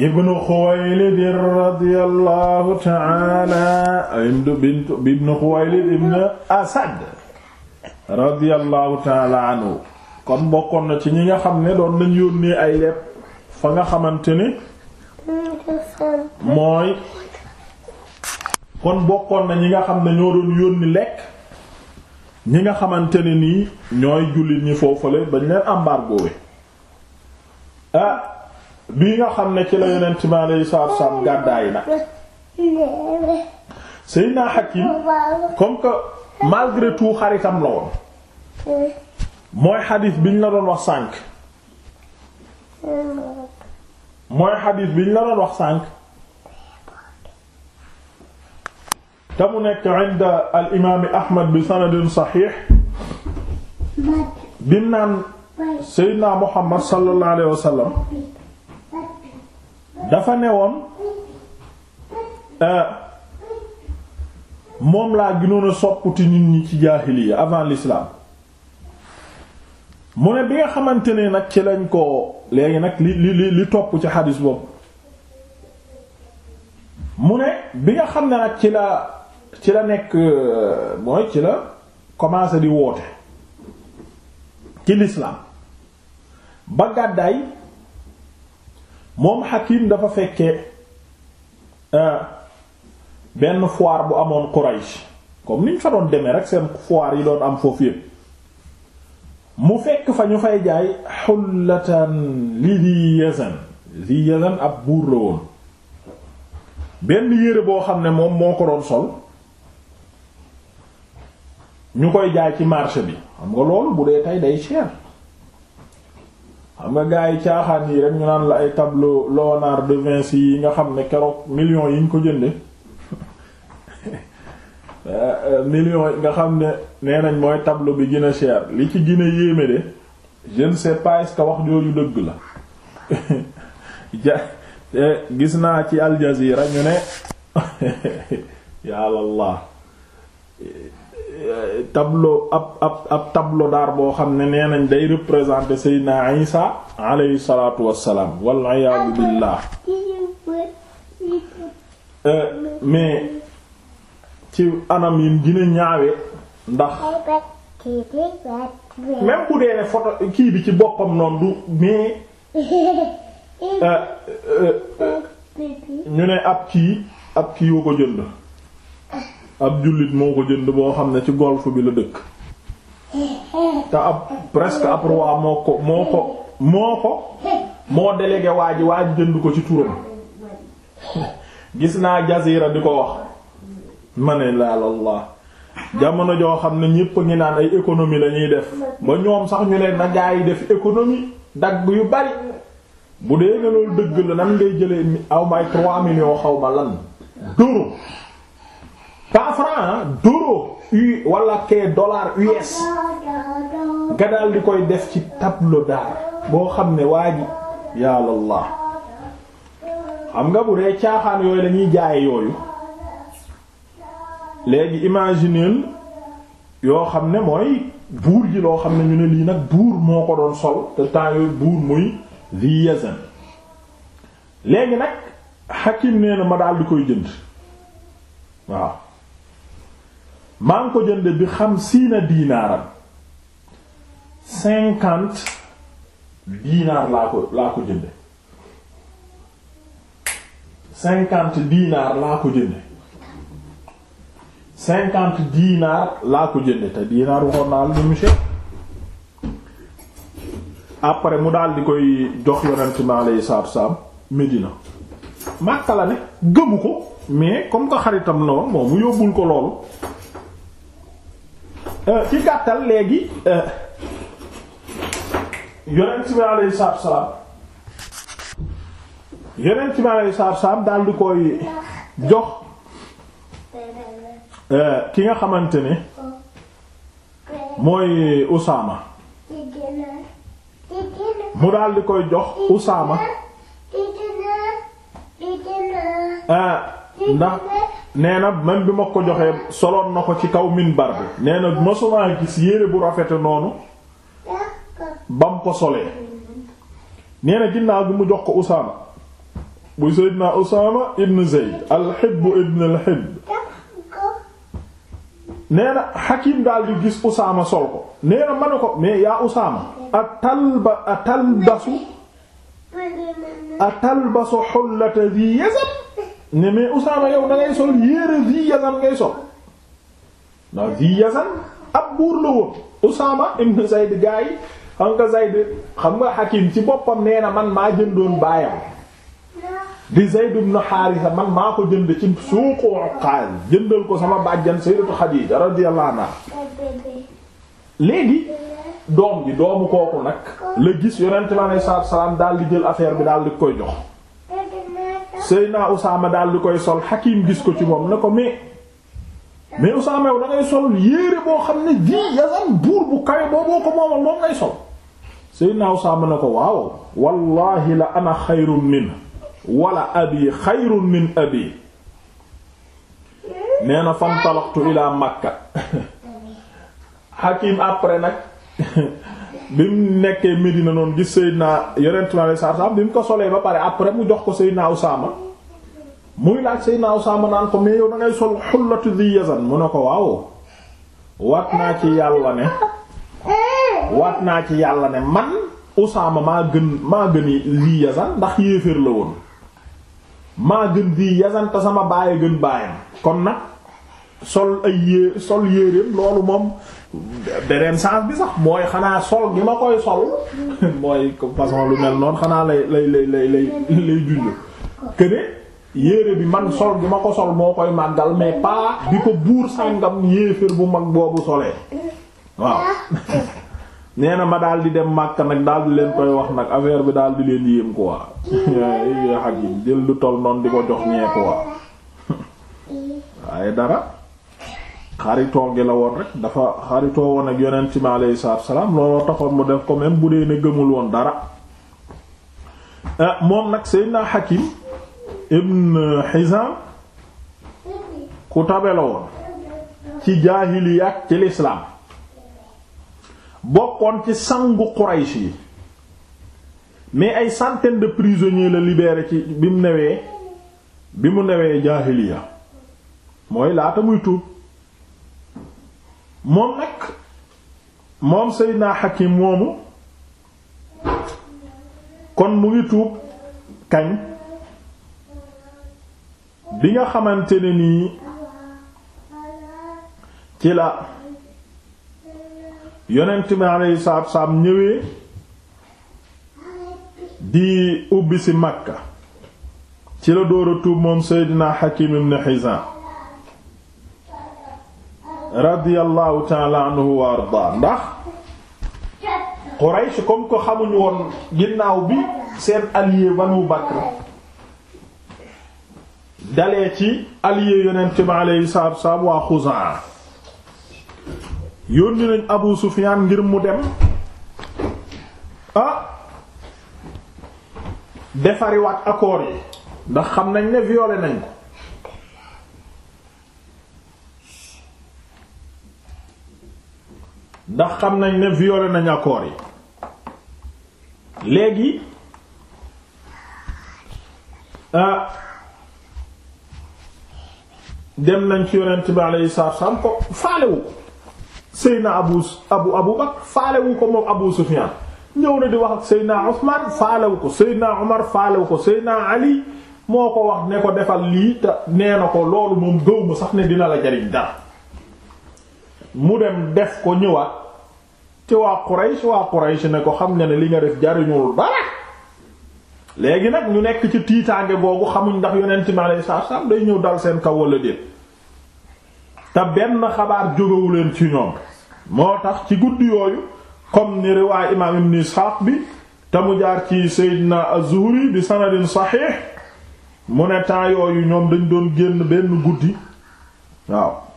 ibnu xuwaylid radiyallahu taala ibnu xuwaylid ibnu asad radiyallahu taala anhu kon bokkoon na ci ñi nga xam ne doon nañ yónnee ay lépp fa nga xamante ni mooy kon bokkoon na ñi nga xam ne ñoo doon yónni lekk ñi nga xamante ne nii ñooy jullit ñi foofale bañ leen embargo we ah bii nga xam ne ci la yonent mi alayhi salaatu salaam gàddaay nag Seydina Hakim comme que malgré tout xaritam la woon mooy xadis biñ la doon wax sànq mooy xadis biñ la doon wax sànq te mu nekk inda al imaami ahmad bi sanadin saxiix bim naan seydina muhammad sallallahu alayhi dafa ne woon newoon euh, moom laa gënoon a sopputi nit ñi ci jaahiliya avant l'islam mu ne bi nga xamante ne nag ci lañ ko léegi nag li li li topp ci xadis boobu mu ne bi nga xam ne nag ci la ci la nekk euh, mooy ci la commencé di woote ci lislaam ba gàddaay moom Hakim dafa fekkee euh, benn foire bu amoon Quraysh comme niñ fa doon demee rek seen foire yi doon am foofu yépp mu fekk fa ñu fay jaay xullatan li di yazan li yazan ab buur la woon benn yére boo xam ne moom moo ko doon sol ñu koy jaay ci marché bi xam nga loolu bu dee tey day cher xam nga gars yi caaxaan yi rek ñu naan la ay tableau Léonard de Vinci yi nga xam ne keroog million yi ko jënde (laughs) euh, euh, nga xam ne nee nañ mooy tableau bi gën a cher li ci gën a yéeme de je ne sais wax jooju dëgg la (laughs) ja gis naa ci Al Jazeera ñu ne (laughs) yàlla tableau ab ab ab daar boo xam ne nee nañ day représenter Seydina Isa alayhi salaatu wassalaam wal iyaadu billah euh, mais ci anam yi dina ñaawe ndax même bu dee ne photo kii bi ci boppam noonu du mais euh, euh, ñu ne ab kii ab kii woo ko jënd ab jullit moo ko jënd boo xam ne ci golf bi la dëkk te ab presque ab roi moo ko moo ko moo ko moo délégué ji waa jënd ko ci turam gis naa jazira di ko wax ma ne laalallah jamono joo xam ne ñépp ngi naan ay économie lañuy def ba ñoom sax ñu leen na gaa yi def économie dagg yu bari bu dee nga dëgg la nan ngay jëlee aw may 3 millions xaw ma lan duru pas franc d'euro u wala kay dollar US nga daal di koy def ci tableau d'art boo xam ne waa ji yàlla la xam nga bu dee caaxaan yooyu lañuy jaaye yooyu léegi imagineel yoo xam ne mooy buur ji loo xam ne ñu ne lii nag buur moo ko doon sol te temps yooyu buur muy di Yazan léegi nag Hakim nee ma daal di koy jënd waaw maa ngi ko jënd bi xamsiina diinaaran cinquante diinaar laa ko laa ko jënde cinquante diinaar laa ko jënde cinquante diinaar laa ko jënde te diinaar waxoon naa lu monsieur après mu daal di koy jox yonent mi alayhi salaatu salaam Medina Makka la ne gëmu ko mais comme que xaritam la woon moom yóbbul ko loolu Euh, ci gàttal léegi euh, yonent bi alayhi salaatu salaam yonent bi alayhi salaatu daal di koy jox euh, ki nga xamante ne mooy Usaama mu daal di koy jox Usaama ndax nee na même bi ma ko joxee soloon na ko ci kaw minbar bi nee na masumaa gis yére bu rafete noonu bam ko solee nee na ginnaaw bi mu jox ko Usaama bu Seydina Usaama ibn Zayd al-Hibb ibn al-Hibb Hakim daal di gis Usaama sol ko nee na ko mais yaa Usaama atalba atalbasu atalbasu hullata di yasam ne mais Usaama yow da sol yére zi yazan ngay sol ndax zi yazan ab buur la woon Usaama ibn Zayd gaa xam nga Zayd ci boppam nee na man maa jëndoon baayam di Zayd ibn Haarisa man maa ko jënd ci suuqu Ukaal jëndal ko sama bàjjan Sayyidatu Xadiija radiyallahu anha léegi doom bi doomu kooku nag la gis Yonent bi alayhi salaam daal di jël affaire bi daal di koy jox. Seyna Usaama daal di koy sol Hakim gis ko ci moom ne ko mais mais Usaama yow da sol yéere boo xam ne ji Yazan buur bu kawe booboo ko moomal moom ngay sol Seyna Usaama ne ko waaw wallahi la ana xayrun min wala abi xayrun min abi nee na fan Makka (laughs) Hakim après nag (laughs) bi mu nekkee Medina noonu gis Seydina yonent mi alayhi salaam bi mu ko solee ba pare après mu jox ko Seydina Usaama muy laaj Seydina Usaama naan ko mais yow da sol xullatu di yazan mu ne ko waaw waat naa ci yàlla ne wat naa ci yàlla ne man Usaama maa gën maa gën di yazan ndax yéeféer la woon maa gën di yazan te sama baay gën baayam kon nag sol ay yé sol yéeréem loolu moom beneen sens bi sax mooy xanaa sol gi ma koy sol (laughs) mooy façon lu mel noonu xanaa lay lay lay lay lay këne yéere bi man sol gi ma ko sol moo koy màggal mais pas di ko buur sàngam yéeféer bu mag boobu solee waaw (laughs) nee ma daal di dem màkk nag daal leen koy wax nag affaire bi daal di leen yéem quoi xaj (laughs) yi jël lu toll noonu di ko jox ñee quoi waaye dara xaritoo gi la woon rek dafa xaritoo woon ak yonent mi aleyhi salaatu salaam looloo taxoon mu def ko même bu dee ne gëmul woon dara ah, moom nag Seydina Hakim ibn Hizam ku tabe la woon ci jaahiliya ak ci lislaam bokkoon ci sangu Quraysh yi mais ay centaines de prisonniers la libeere ci bi mu newee bi mu newee jaahiliya mooy laata muy tuub moom nag moom Seydina Hakim moomu kon mu ngi tuub kañ bi nga xamante ne nii ci la yonent bi alayhi salaatu salaam ñëwee di ubbi si Makka ci la door a tuub moom Seydina Hakim ibn Hizam radiyallahu taala anhu wa arda ndax Quraysh comme ko xamuñu woon ginnaaw bi seen allié Banu Bakr dalee ci allié yonent bi alayhi salaatu wassalaam waa Xuzaa yónni nañ Abu Sufyaan ngir mu dem ah defariwaat accord yi ndax xam nañ ne violé nañ ko ndax xam nañ ne violé nañ accord yi léegi euh, dem nañ ci yonent bi alayhi salaatu salaam ko faalewu Seyna Abu Abu Abu faalewu ko moom Abu Sufyan ñëw na di wax ak Seyna Usman faalewu ko Seyna Omar ko Seyna Ali moo ko wax ne ko defal lii te nee na ko loolu moom gëw ma sax ne dina la jariñ dara mu dem def ko ñëwaat ci waa Quraysh waa Quraysh ne ko xam ne ne li nga def jariñul dara léegi nag ñu nekk ci tiitaange boobu xamuñ ndax yonent mi alayhi salaam day ñëw dal seen kaw wala déet te benn xabaar jógewu leen ci ñoom moo tax ci guddi yooyu comme ni riwaay imaam ibn Isxaaq bi te mu jaar ci Seydina Az-Zuhri bi sanadin saxiix mu ne temps yooyu ñoom dañ doon génn benn guddi waaw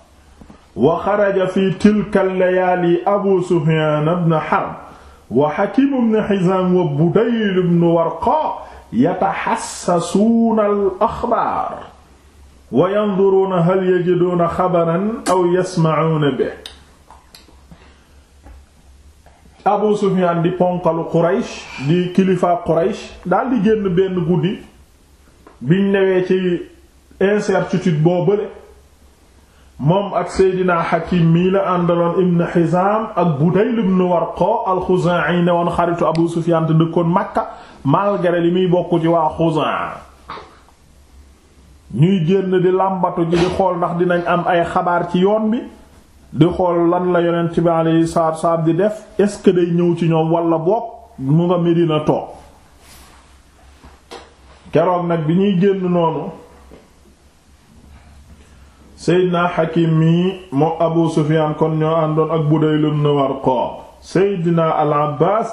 wa xaraja fi tilka layaali abu sufyaan ibn harb wa hakiim ibn hizaam wa budayl ibn warqa yatahassasuuna al axbaar wa yanduruuna hal yajiduuna xabaran aw yasma'uuna bihi abu sufyaan di ponkalu quraysh di kilifa quraysh daal di génn benn guddi biñ newee ci incertitude boobale moom ak Seydina Hakim mii la àndaloon Ibn Hizam ak Budayl ibn Warqa al-Khuzaa'i ne woon xaritu Abu Sufyaan te dëkkoon Makka malgré li muy bokk ci waa Xuzaa ñuy génn di làmbatu ji di xool ndax dinañ am ay xabaar ci yoon bi di xool lan la yonent bi yi salaatu salaam di def est-ce que day ñëw ci ñoom walla boog mu nga Medina toog keroog nag bi ñuy génn noonu. seydina xakim mi moo abu sufiyaan kon ñoo àndoon ak budayl ibn warqa seydina al abbaas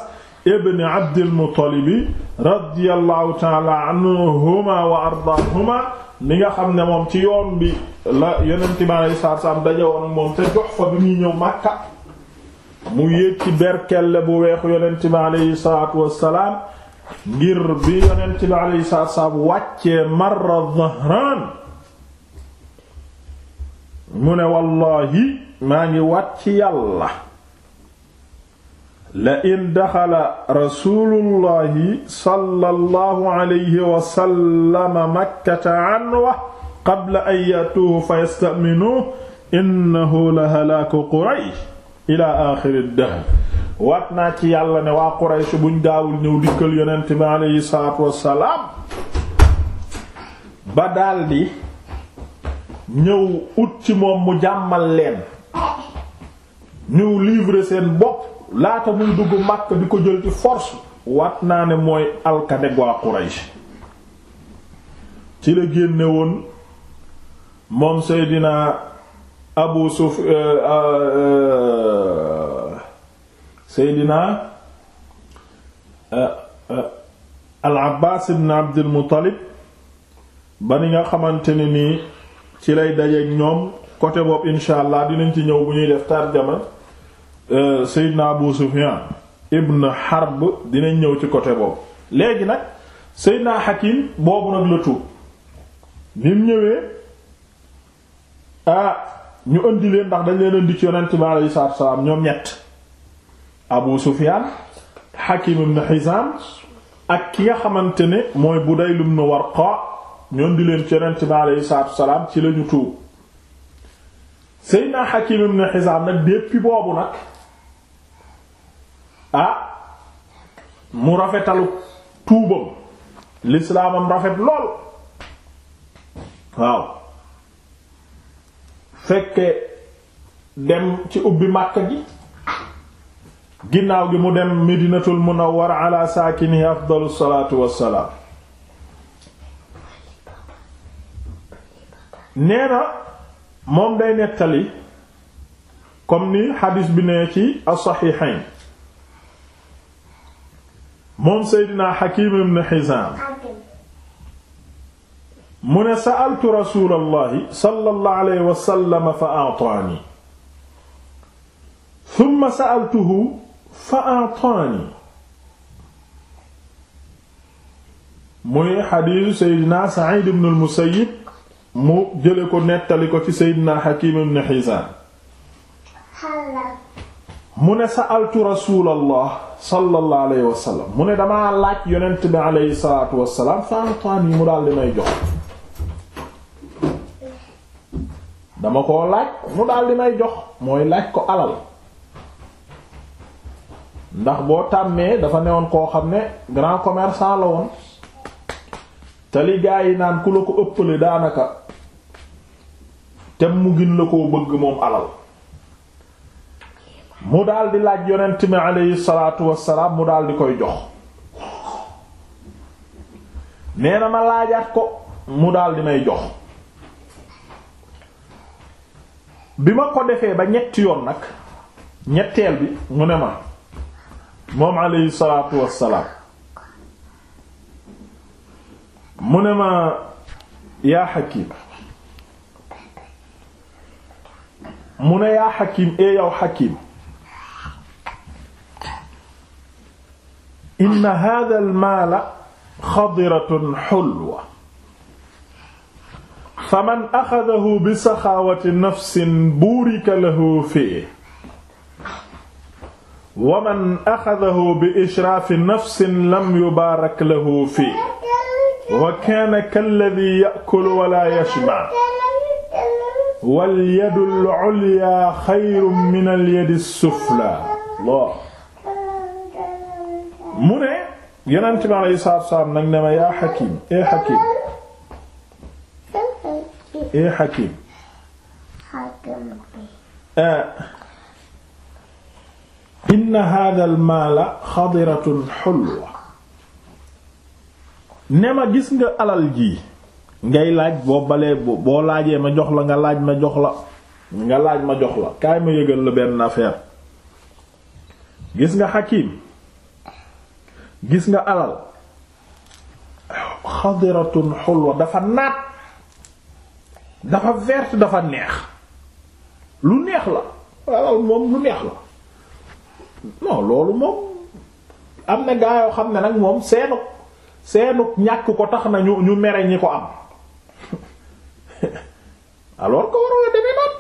ibn abdil muttalibi radiyallahu taala ne moom ci yoon bi la yonenti ma lay saar daje woon moom te jox fa bi muy ñëw màkka mu yéeg ci berkelle bu weex yonenti ma alayhi salaatu wassalaam ngir bi yonenti ma alayhi salaatu wassalaam wàccee marra dhahraan mu ne wallaahi maa ngi wat ci yàlla la in daxala rasuulullahi sallallahu alayhi wa sallama makkata anwa qabla an yatuuhu fa yastaminuuhu innahu la halaaku quraysh ila aaxiri dahr waat naa ci yàlla ne waa quraysh buñ daawul ñëw dikkal yonent bi alayhi salaatu ñëw ut ci moom mu jàmmal leen ñëw livrer seen bopp laata muy dugg màkk di ko jël ci force waat naa ne mooy alkade waa Quraysh ci la génne woon moom Seydina Abu Suf euh, euh, Seydina euh, al Abbaas ibn Abdul Muttalib ba ni nga xamante ne nii ci lay dajeeg ñoom côté boobu incha allah dinañ ci ñëw bu ñuy def tarjama euh, Seydina Abu Sufyan ibn Harb dinañ ñëw ci côté boobu léegi nag Seydina Hakim boobu nag la tuub bi mu ñëwee ah ñu indi ndax dañ leen indi ci yonent bi alayhi salaatu salaam ñoom ñett Abu Sufyan Hakim ibn Hizam ak ki nga xamante ne mooy bu Budayl ibn Warqa ñoom di leen ci bi aleyhi salaatu wasalaam ci lañu tuub Seydina Hakim ibn Hizam nag depuis boobu nag ah mu rafetalu tuubam lislaamam rafet lool waaw fekke dem ci ubbi Makka gi ginnaaw gi mu dem Medinatul Munawwara a saakini afdalu salaatu wassalaam nee na moom day nettali comme ni xadis bi nee ci as-saxiixayn moom Seydina Hakim ibn Hizam mu ne sa'altu rasulallahi sallallahu alayhi wa sallam fa a'taani thumma sa'altuhu fa a'taani muy xadiisu Seydina Sa'id ibn al-Musayyib mu jële ko nettali ko ci seydina Hakim ne Hizam mu ne sa'altu rasuulallah sallallahu alayhi wa mu ne damaa laaj yonent bi alayhi salaatu wa salaam fa mu daal di may jox dama koo laaj mu daal di may jox mooy laaj ko alal ndax boo tàmmee dafa newoon koo xam ne grand commerçant la woon te yi naan ku la ko ëppale daanaka te mu gën la koo bëgg moom alal mu daldi laaj yonent mi aleyhi salaatu wassalaam mu daldi koy jox nee na ma laajaat ko mu daldi may jox bi ma ko defee ba ñetti yoon nag ñetteel bi mu ne ma moom aleyhi salaatu wassalaam mu ne ma yaa Hakiim mu ne yaa xakim e yow xakim inna hada almaala xadiratun xulwa faman axadahu bi saxaawati nafsin buurika lahu fii wa man axadahu bi israafi nafsin lam yubaarak lahu fii wa kaana kalladi yakulu wala yashba wal yadul ulya xayrun min al yadi sufla Allah mu ne yonent bi alayhi salaatu salaam nag ne ma yaa Hakim ee Hakim ee Hakim eh, inna hadha al maala xadiratun xulwa ne ma gis nga alal ji ngay laaj boo balee boo laajee ma jox la nga laaj ma jox la nga laaj ma jox la kaay ma yëgal la benn affaire gis nga Hakim gis nga alal xadiratun xulwa dafa naat dafa vert dafa neex lu neex la alal moom lu neex la non loolu moom am na gaa yoo xam ne nag moom seenu seenu ñàkk ko tax na ñu ñu mere ñi ko am alors que waroo la demee noonu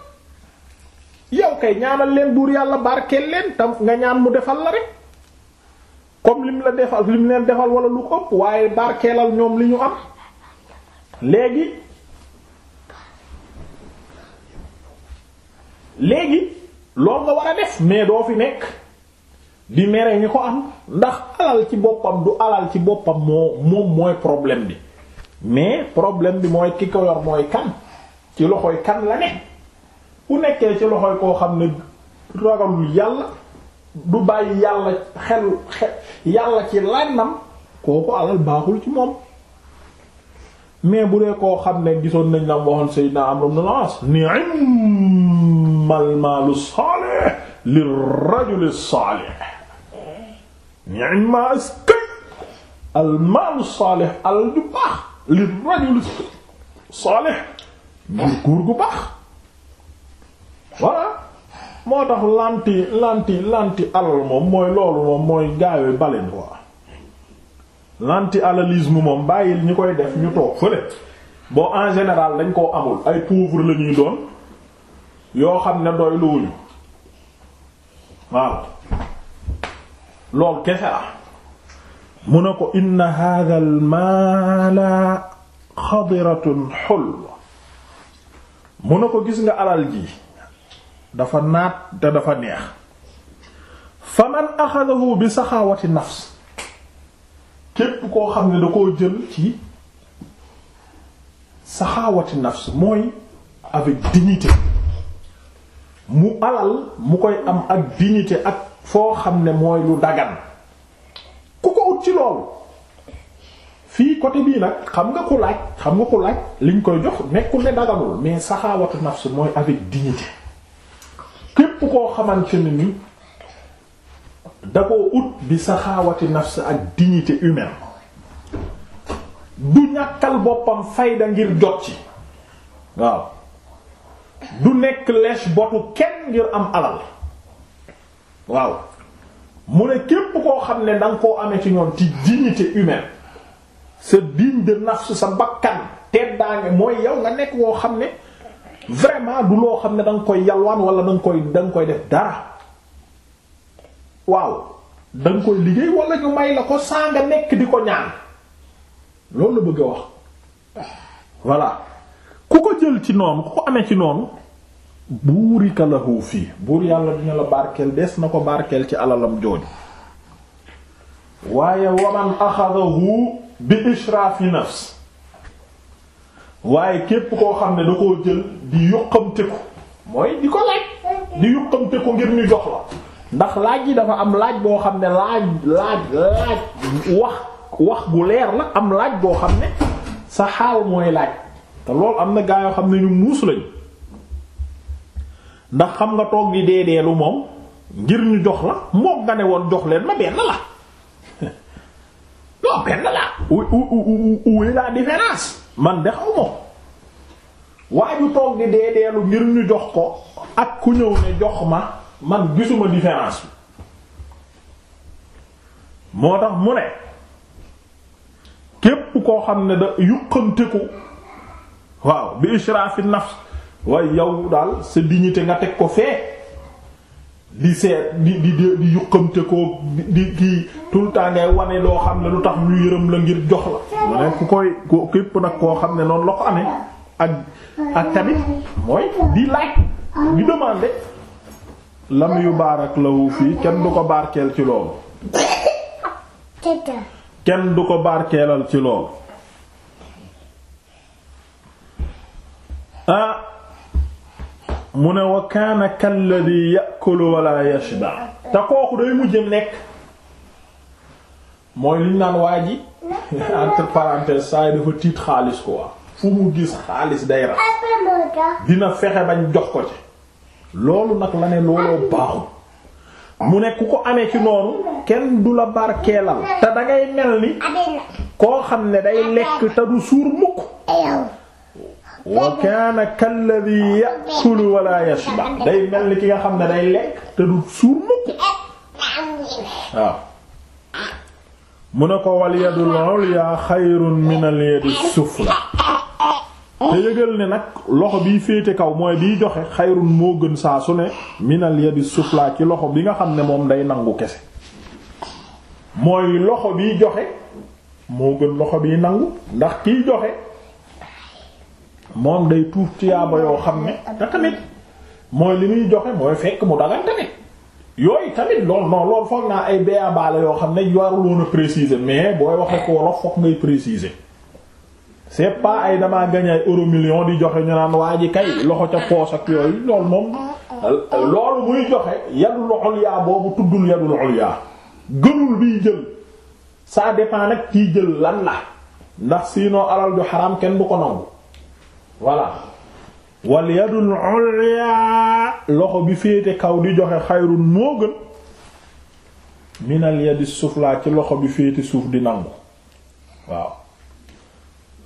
yow kay ñaanal leen buur yàlla barkeel leen tam nga ñaan mu defal la rek comme lim la defal mu leen defal wala lu ko ëpp waaye barkeelal ñoom li ñu am léegi léegi loolu nga war a def mais doo fi nekk di mere ñi ko am ndax alal ci boppam du alal ci boppam moo moom mooy problème bi mais problème bi mooy ki ko mooy kan. ci loxoy kan la ne bu nekkee ci loxoy koo xam ne ragalul yàlla du bàyyi yàlla xel xel yàlla ci lànnam kooku alal baaxul ci moom mais bu dee koo xam ne gisoon nañ la waxoon Seydina Amr ibn al-As ni'mal maalu saalih lirrajuli saalih ni'ma askay al alal saalih discours gu baax voilà moo tax lanti lanti lanti alal moom mooy loolu moom mooy gaawee baleen quoi lanti alalisme moom bàyyil ñi koy def ñu toog fële bon en général dañ koo amul ay pauvre la doon yoo xam ne doy luwuñu waaw loolu kese la mu ne ko inna hadha al mala xadiratun xul mu ne ko gis nga alal ji dafa naat te dafa neex fa man axadahu bi saxaawati nafs képp koo xam ne da koo jël ci saxaawati nafs mooy avec dignité mu alal mu koy am ak dignité ak foo xam ne mooy lu dagan ku ko ut ci loolu fii côté bii nag xam nga ku laaj xam nga ko laaj liñ koy jox nekkul ne daganul mais saxaawatu nafs mooy avec dignité képp koo xamante ne ni da ut bi saxaawati nafs ak dignité humaine du ñàkkal boppam fayda ngir jot ci waaw du nekk lèche botu kenn ngir am alal waaw mu ne képp koo xam ne danga koo ame ci ñoom ci dignité humaine sa digne de nafs sa bakkan teddaange mooy yow nga nekk woo xam ne vraiment du loo xam ne da nga koy yalwaan wala da nga koy da koy def dara waaw da nga koy liggéey walla ñu may la ko saa nga nekk di ko ñaan lool la bëgg a wax voilà ku ko jël ci noonu ku ko amee ci noonu buurika lahu fii buur yàlla dina la barkeel des na ko barkeel ci alalam jooju waaye waman axadahu bi ishraafi nafs waaye képp koo xam ne da koo jël di yuqamte ko mooy di ko laaj di yuqamte ko ngir ñu jox la ndax laaj yi dafa am laaj boo xam ne laaj laaj wax wax gu leer la am laaj boo xam ne sa xaal mooy laaj te loolu am na gaa yoo xam ne ñu muus lañu ndax xam nga toog di deedeelu moom ngir ñu jox la moo nga ne woon jox leen ma benn la non benn la où où est la différence man de xaw ma waa ju toog di dee ngir ñu jox ko ak ku ñëw ne jox ma man gisuma différence bi moo tax mu ne képp koo xam ne da yuqante ko waaw bi israfi nafs waaye yow daal sa dignité nga teg ko fee di seet di di di yuqamte ko di kii tout le temps ngay loo xam ne lu tax ñu yërëm la ngir jox la mu ku koy ku képp nag koo xam ne noonu la ko amee ak ak mooy di laaj di demandé lam yu baarak lawu fii kenn du ko barkeel ci loolu kenn du ko barkeelal ci loolu ah, mu ne wa kaana kalladi yakulu wala yashba te kooku day mujjëm nekk mooy liñ naan waa ji entre parenthèses saa yi dafa tiit xaalis quoi fu mu gis xaalis day rat dina fexe bañ jox ko ci loolu nag la ne looloo baaxul mu ne ku ko amee ci noonu kenn du la barkeelal te dangay ngay mel ni koo xam ne day lekk te du suur mukk wa kaana kalladi yakulu wala yashba day mel ni ki nga xam ne day lekk te du suur mukk waaw mu ne ko wal yadul ulya xayrun min al yadi sufla te yëgal ne nag loxo biy féete kaw mooy biy joxe xayrun moo gën saa su ne minal yadi sufla ci loxo bi nga xam ne moom day nangu kese mooy loxo biy joxe moo gën loxo biy nangu ndax kiy joxe moom day tuuf tiyaaba yoo xam ne te tamit mooy li muy joxe mooy fekk mu dagan tamit yooyu tamit lool non loolu foog naa ay ba yoo xam ne warul woon mais booy waxee ko wolof foog ngay préciser c'est pas ay damaa gagné euro million di joxe ñu naan waa ji kay loxo ca poos ak yooyu lool moom loolu muy joxe yadul ulya boobu tuddul yadul ulya gënul biy jël ça dépend nag kiy jël lan la ndax sinon alal ju xaram kenn du ko nangu voilà wal yadul loxo bi féete kaw di joxe xayrun moo gën minal yadi sufla ci loxo bi féete suuf di nangu waaw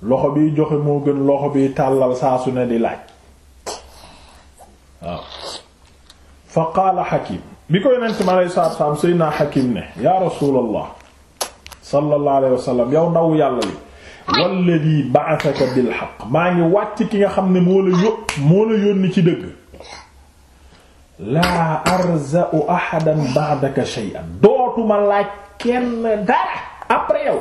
loxo biy joxe moo gën loxo biy tàllal saa su ne di laaj waaw fa qaala xakim bi ko yonent mi alei salatu salaam sëy naa xakim ne ya rasulallah sallallahu alayhi yow ndaw yàlla li walladi ba'athaka bil haqq maa ngi wàcc ki nga xam ne moo la yó moo la yónni ci dëgg laa arza'u ahadan ba'daka shay'an dootuma laaj kenn dara après yow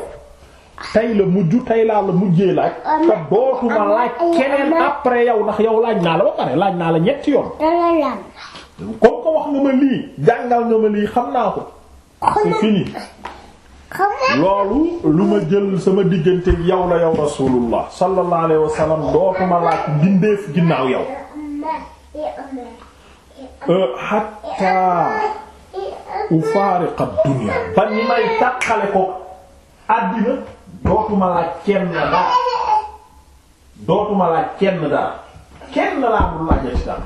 tey la mujj tey laa la mujjee laaj te dootuma laaj keneen après yow ndax yow laaj naa la ba pare laaj naa la ñetti yoon comme ko wax nga ma lii jàngal nga ma lii xam naa ko c'est fini loolu lu ma jël sama diggante yow la yow rasulullah sallallahu alayhi wa sallam dootuma laaj bindeef ginnaaw yow euh, hatta ufaariqa dunya ba ni may tàqale ko àddina dootuma laaj kenn daal dootuma laaj kenn daal kenn laa bu laajati daal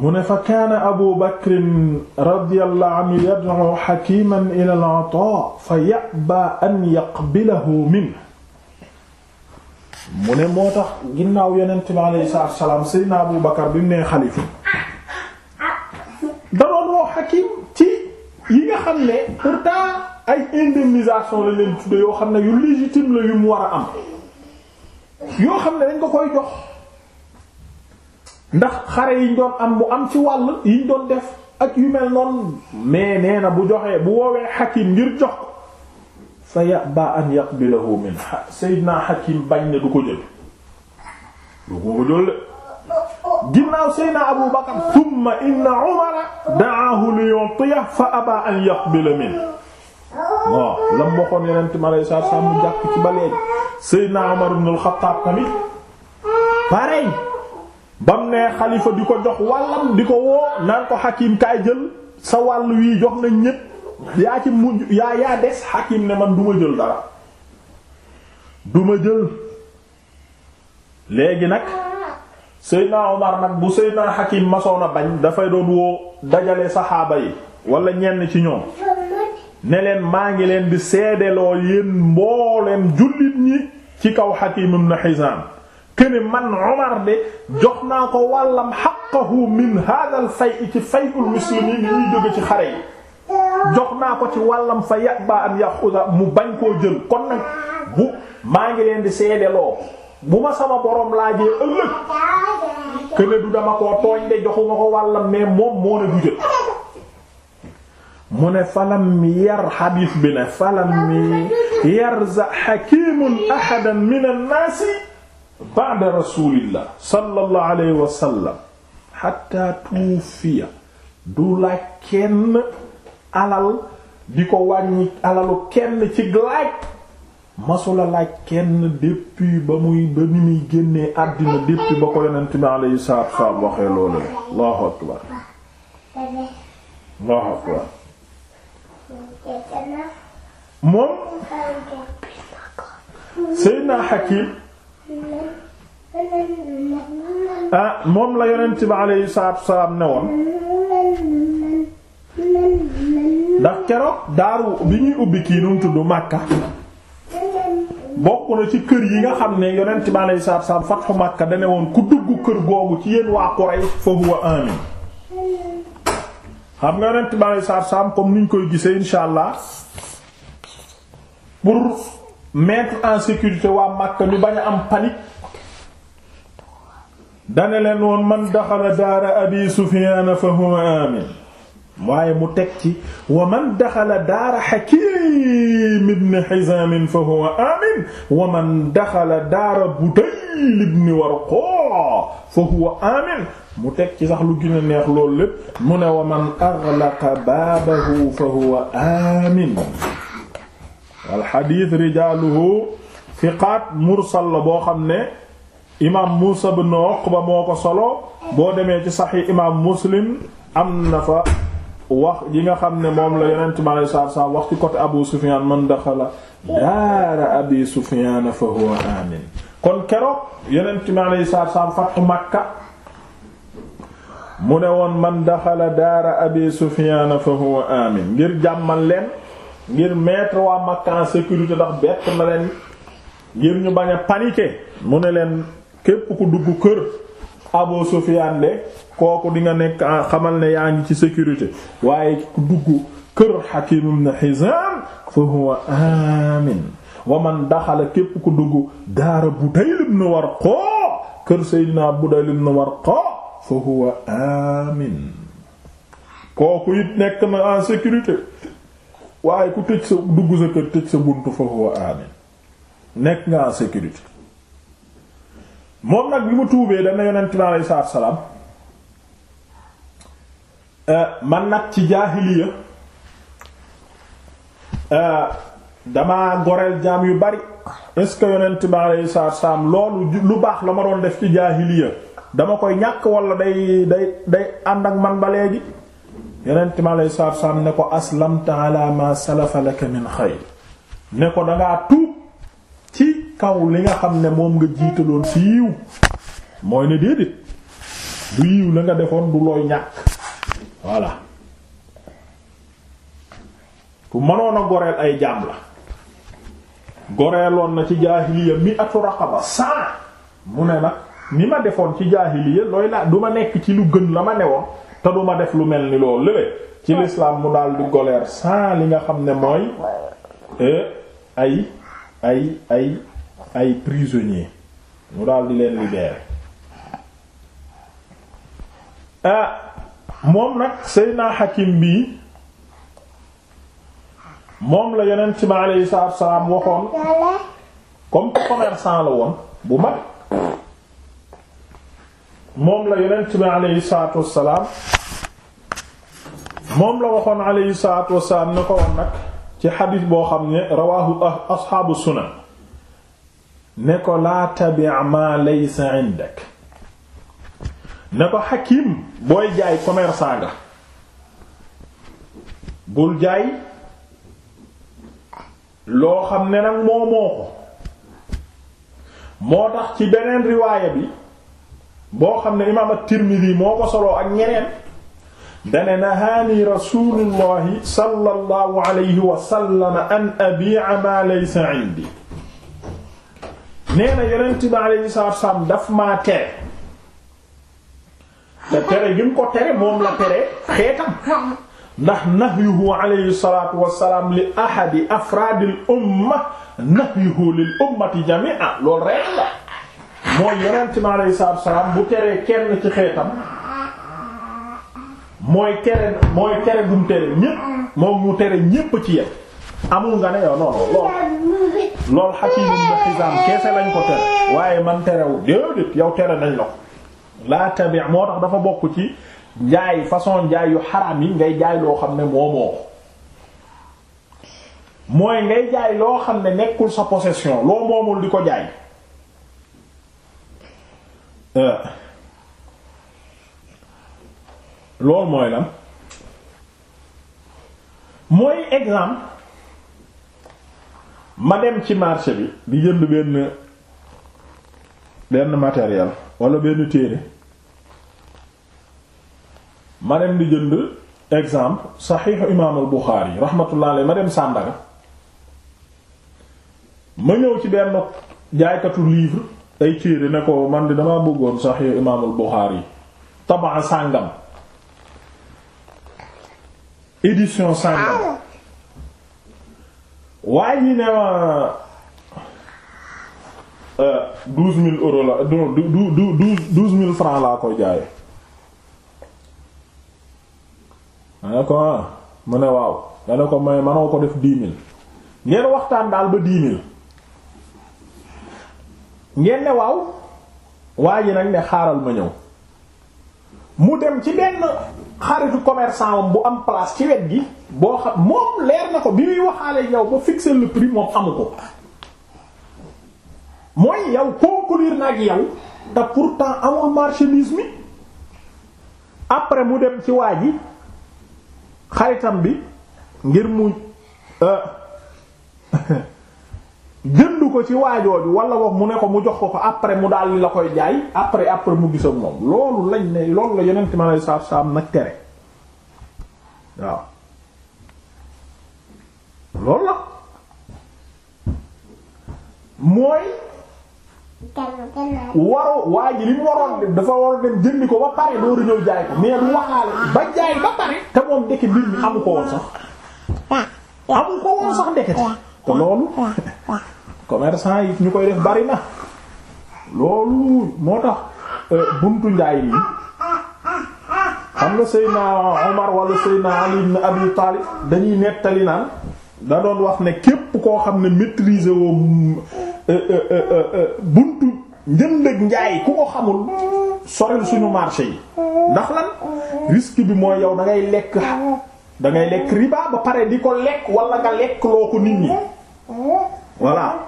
mu ne fa kaana abu bakrin radiyallahu anhu yad'u ila ataa fa ya'ba an yaqbilahu min mu moo tax ginnaaw yonent bi alayhi salaatu wa salaam seydina abu bakar bi mu nee xalifa da doon woo yi nga xam ay indemnisation la leen tudde yoo xam ne yu légitime la yu mu war a am yoo xam ne dañ ko koy jox ndax xare yiñ doon am bu am ci wàll yiñ doon def ak yu mel noonu mais nee na bu joxee bu woowee Hakim ngir jox ko fa yaba an yaqbilahu min Seydina Hakim bañ ne du ko jël du ko jël ginnaaw Seydina Abu Bakar thumma inna Umara da'ahu li yu'tiya fa aba an yaqbila min waaw lam waxoon yeneen ma lay sa sa ci ba léegi Seydina Umar ibn al-Khattab tamit bam ne xalifa di ko jox wàllam di ko woo naan ko xakim kaay jël sa wàll wii jox nañ ñépp yaa ci mujj yaa yaa des xakim ne man duma jël dara duma jël léegi nag Seydina Omar nag bu Seydina xakim masoon a bañ dafay doon woo dajale saxaaba yi wala ñenn ci ñoom ne leen maa ngi leen di seedeloo yéen mbooleem jullit ñi ci kaw xakim na Hizam këne man Umar de jox naa ko wàllam haqqahu min hadha al fay ci fayul muslimin yi ñuy jóge ci naa ko ci wàllam fa yaba an yaxuda mu bañ koo jël kon bu maa ngi leen di seedeloo bu ma sama borom laajee ëllëg këne du dama ko tooñ de joxuma ko wàllam mais moom moo ne du jël mu falam yar xadiis bi ne falam yar za hakimun ahadan min an-naasi ba'da rasulillah sallallahu alayhi wa hatta tuufiya du laaj kenn alal di ko wàññi alalu kenn ci laaj masula laaj kenn depuis ba muy ba ni muy génnee àddina depuis ba ko yonent bi alayhi salaatu wassalaam moom Seydina Hakim Ah, moom la yonent bi aleyhi salaatu wasalaam ne woon ndax keroog daaru bi ñuy ubbi kii nu mu tudd Makka bokk na ci kër yi nga xam ne yonent bi aleyhi salaatu wasalaam fatxu Makka da woon ku dugg kër googu ci yéen waa Quraysh fa huwa amin xam nga yonent bi aleyhi salaatu wasalaam comme niñ koy gisee insha allah pour. mettre en sécurité waa Makka ñu bañ a am panique dane leen woon man daxala daara abi Sufyaan fa huwa amin waaye mu teg ci wa man daxala daara Hakiim ibn Hizaam fa huwa amin wa man daxala daara Budayl ibn Warqaa fa huwa amin mu teg ci sax lu gën a neex loolu lépp mu ne wa man aghlaqa baabahu fa huwa amin wal xadiis rijaaluhu thiqaat mursal la boo xam ne imaam Muusa ibn Uqba moo ko solo boo demee ci saxiix imaam Muslim am na fa wax yi nga xam ne moom la yonent mi alayhi salaatu salaam wax côté Abu Sufyaan man daxala daara Abi Sufyaan fa huwa aamin kon keroog yonent mi alayhi salaatu salaam Makka mu ne woon man daxala daara Abi Sufyaan fa huwa aamin ngir jàmmal leen ngir mettre waa Makka en sécurité ndax bett na leen ngir ñu bañ a mu ne leen képp ku dugg kër Abu Sufyaan de kooku di nga nekk xamal ne yaa ngi ci sécurité waaye ku dugg kër Hakim ibn Hizam fa huwa amin wa man daxala képp ku dugg daara Budayl ibn Warqa kër Seydina Budayl ibn Warqa fa huwa amin kooku it nekk na en sécurité waaye ku tëj sa dugg sa kër tëj sa buntu fa huwa nekk nga en sécurité moom nag bi mu tuubee dana yonent bi aleyhi salaatu salaam eh, man nag ci jaahiliya eh, damaa goreel jaam yu bari est-ce que yonent bi aleyhi salaatu salaam loolu lu baax la ma doon def ci jaahiliya dama koy ñàkk wala day day day ànd ak man ba léegi yonent mi alayhi salaatu salaam ne ko aslamta ala ma salafa laka min xayr ne ko dangaa tuub ci kaw li nga xam ne moom nga jiitaloon si yiw mooy ne déedéet du yiw la nga defoon du looy ñàkk voilà ku mënoon a goreel ay jaam la goreeloon na ci jaahiliya mi atu raqaba saa mu ne nag ni ma defoon ci jaahiliya looy laa du ma nekk ci lu gën la ma newoon te def lu mel ni loolu lële ci lislaam mu daal goleer sans li nga xam ne mooy euh, ay ay ay ay prisonnier mu daal di leen libérer ah moom nag Seydina Hakim bii moom la yeneen bi aleyhi salaatu wa salaam waxoon comme commerçant la woon bu mag moom la yonent bi aleyhi salaatu wassalaam moom la waxoon aleyhi salaatu wassalaam na ko woon nag ci xadis boo xam ne rawaahu asxaabu sunan ne ko laa tabi' ma laysa indak ne ko xakim booy jaay commerçant nga bul jaay loo xam ne nag moo ko moo tax ci beneen riwaaya bi boo xam ne imaam at-Tirmidhi moo ko soloo ak ñeneen dane nahaani rasulullahi sallallahu alayhi wa sallam an abi'a ma laysa indi nee na yonent alayhi salaatu daf maa tere te tere ko tere moom la tere xeetam ndax nahyuhu alayhi salaatu wa salaam li ahadi afraadil umma lil ummati jami'a loolu mooy yonent mi aleyhi salaatu salaam bu teree kenn ci xeetam mooy tere mooy tere gum tere ñépp moom mu tere ñépp ci yem amul nga ne yow non non lool lool xakiimum na xisaam keese lañ ko tere waaye man terewu déedéet yow tere nañ la ko laa tabi moo tax dafa bokk ci jaay façon jaay yu xaraam yi ngay jaay loo xam ne moomoo mooy ngay jaay loo xam ne nekkul sa possession loo moomul di ko jaay Euh, loolu mooy lan mooy exemple ma dem ci marché bi di jënd benn benn matériel walla benn téere ma dem di jënd exemple saxiixu imaamul Buxaari rahmatullah alayhi ma dem Sandaga ma ñëw ci benn jaaykatu livre ay téere ne ko man di damaa bëggoon Sahih imaamul Bukhari tabaa sàngam édition sàngam waaye ñi ne euh, douze mille euros la non douze mille francs laa koy jaaye ma ne ko ah. mu ne waaw ma ko may manoo ko def dix ngeen waxtaan daal ba dix ngeen ne waaw waa ji nag ne xaaral ma ñëw mu dem ci benn xaritu commerçant bu am place ci wet gi boo xam moom leer na ko bi muy waxaale yow ba fixer le prix moom amu ko mooy yow conclure nag yow te pourtant amul marchandise mi après mu dem ci waa ji xaritam bi ngir mu euh, (laughs) jënd ko ci waajooju wala wax mu ne ko mu jox ko ko après mu daal li la koy jaay après après mu gisoon moom loolu lañ ne loolu la yeneen ma lay saaf saaf nag tere waaw loolu la mooy. waroo waa li mu waroon dafa waroon dem jëndi ko ba pare dooru ñëw jaay ko mais lu waxaale ba jaay ba pare te moom ndeke mbir mi amu ko woon sax amu ko woon sax ndekete te loolu (laughs) commerçant yi ñu koy def bari na loolu moo tax euh, buntu njaay yi xam nga Seydina Omar wala Seydina Ali ibn Abi dañuy nettali naa da wax ne képp koo xam ne maîtriser woo euh, euh, buntu njënd ak njaay ku ko xamul soril suñu marché yi ndax lan risque bi mooy yow dangay ngay lekk da lekk riba ba pare di ko lekk wala nga lekk loo ko nit ñi. voilà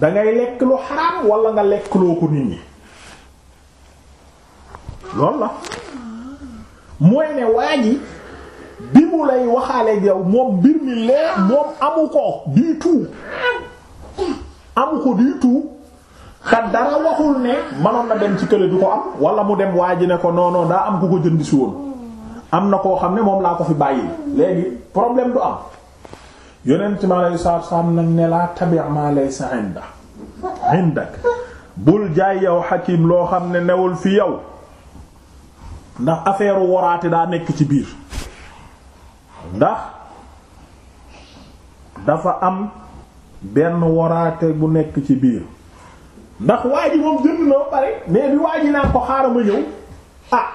dangay lekk lu xaraam wala nga lekk loo ko nit ñi loolu la mooy ne waa ji bi mu lay waxaaleeg yow moom mbir mi leer moom amu ko du tout amu ko du tout te dara waxul ne manoon na dem ci kële du ko am wala mu dem waa ji ne ko non non am ku ko jënd si woon am na koo xam ne moom laa ko fi bàyyi léegi problème du am. yonent mi aleyhi salaatu salaam nag ne laa tabi' maa laysa inda indak bul jaay yow xakim loo xam ne newul fi yow ndax affaire waraate daa nekk ci biir ndax dafa am benn waraate bu nekk ci biir ndax waa ji moom jënd na ba pare mais bi waa naa ko xaaral ma ñëw ah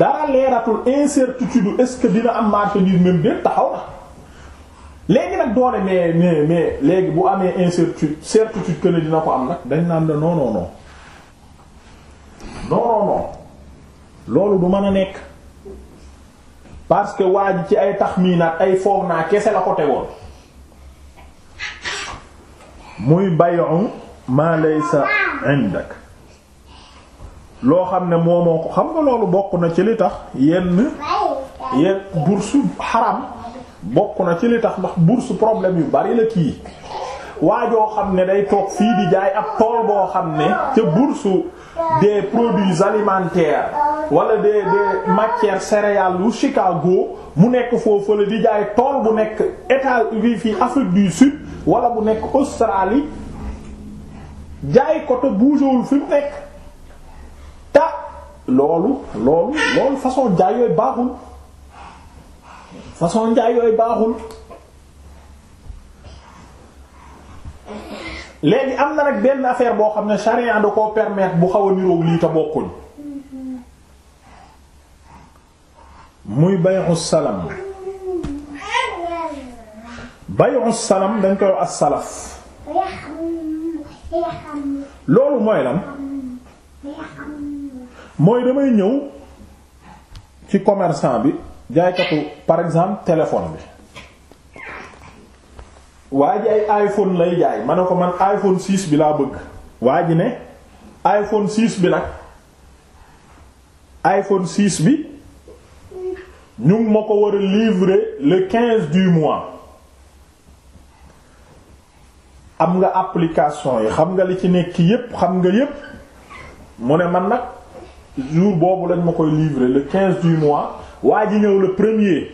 dara leeratul incertitude est-ce que dina am marché bi même de taxaw na. léegi nag doole mais mais mais léegi bu amee incertitude certitude que dina ko am nag dañ naan la non non non loolu du mën a nekk parce que waa ji ci ay taxminaat ay foog naa kese la ko tegoon muy bay'u ma laysa indak loo xam ne moomoo ko xam nga loolu bokk na ci li tax yenn yenn bourse xaram bokk na ci li tax ndax bourse problème yu bari la waa waajoo xam ne day toog fii di jaay ab tool boo xam ne ca bourse des produits alimentaire wala de des matières céréales yu Chicago mu nekk foofu la di jaay tool bu nekk état bi fii Afrique du Sud wala bu nekk Australie jaay ko te bougéwul fi mu nekk ta loolu loolu loolu façon jaay yooyu baaxul façon njaay yooyu baaxul léegi am na nag benn affaire boo xam ne charia da koo permettre bu xaw a niroog lii te bokkuñ muy bay'u salam bay'u salam dañ koy as-salaf loolu mooy lan mooy damay ñëw ci commerçant bi jaaykatu par exemple téléphone bi waa ji ay iPhone lay jaay ma ko man iPhone 6 bi laa bëgg waa ji ne iPhone 6 bi nag iPhone 6 bi ñu ma ko war a livrer le 15 du mois am nga application yi xam nga li ci nekk yépp xam nga yépp mu ne man nag jour boobu lañ ma koy livrer le 15 du mois waa ji ñëw le premier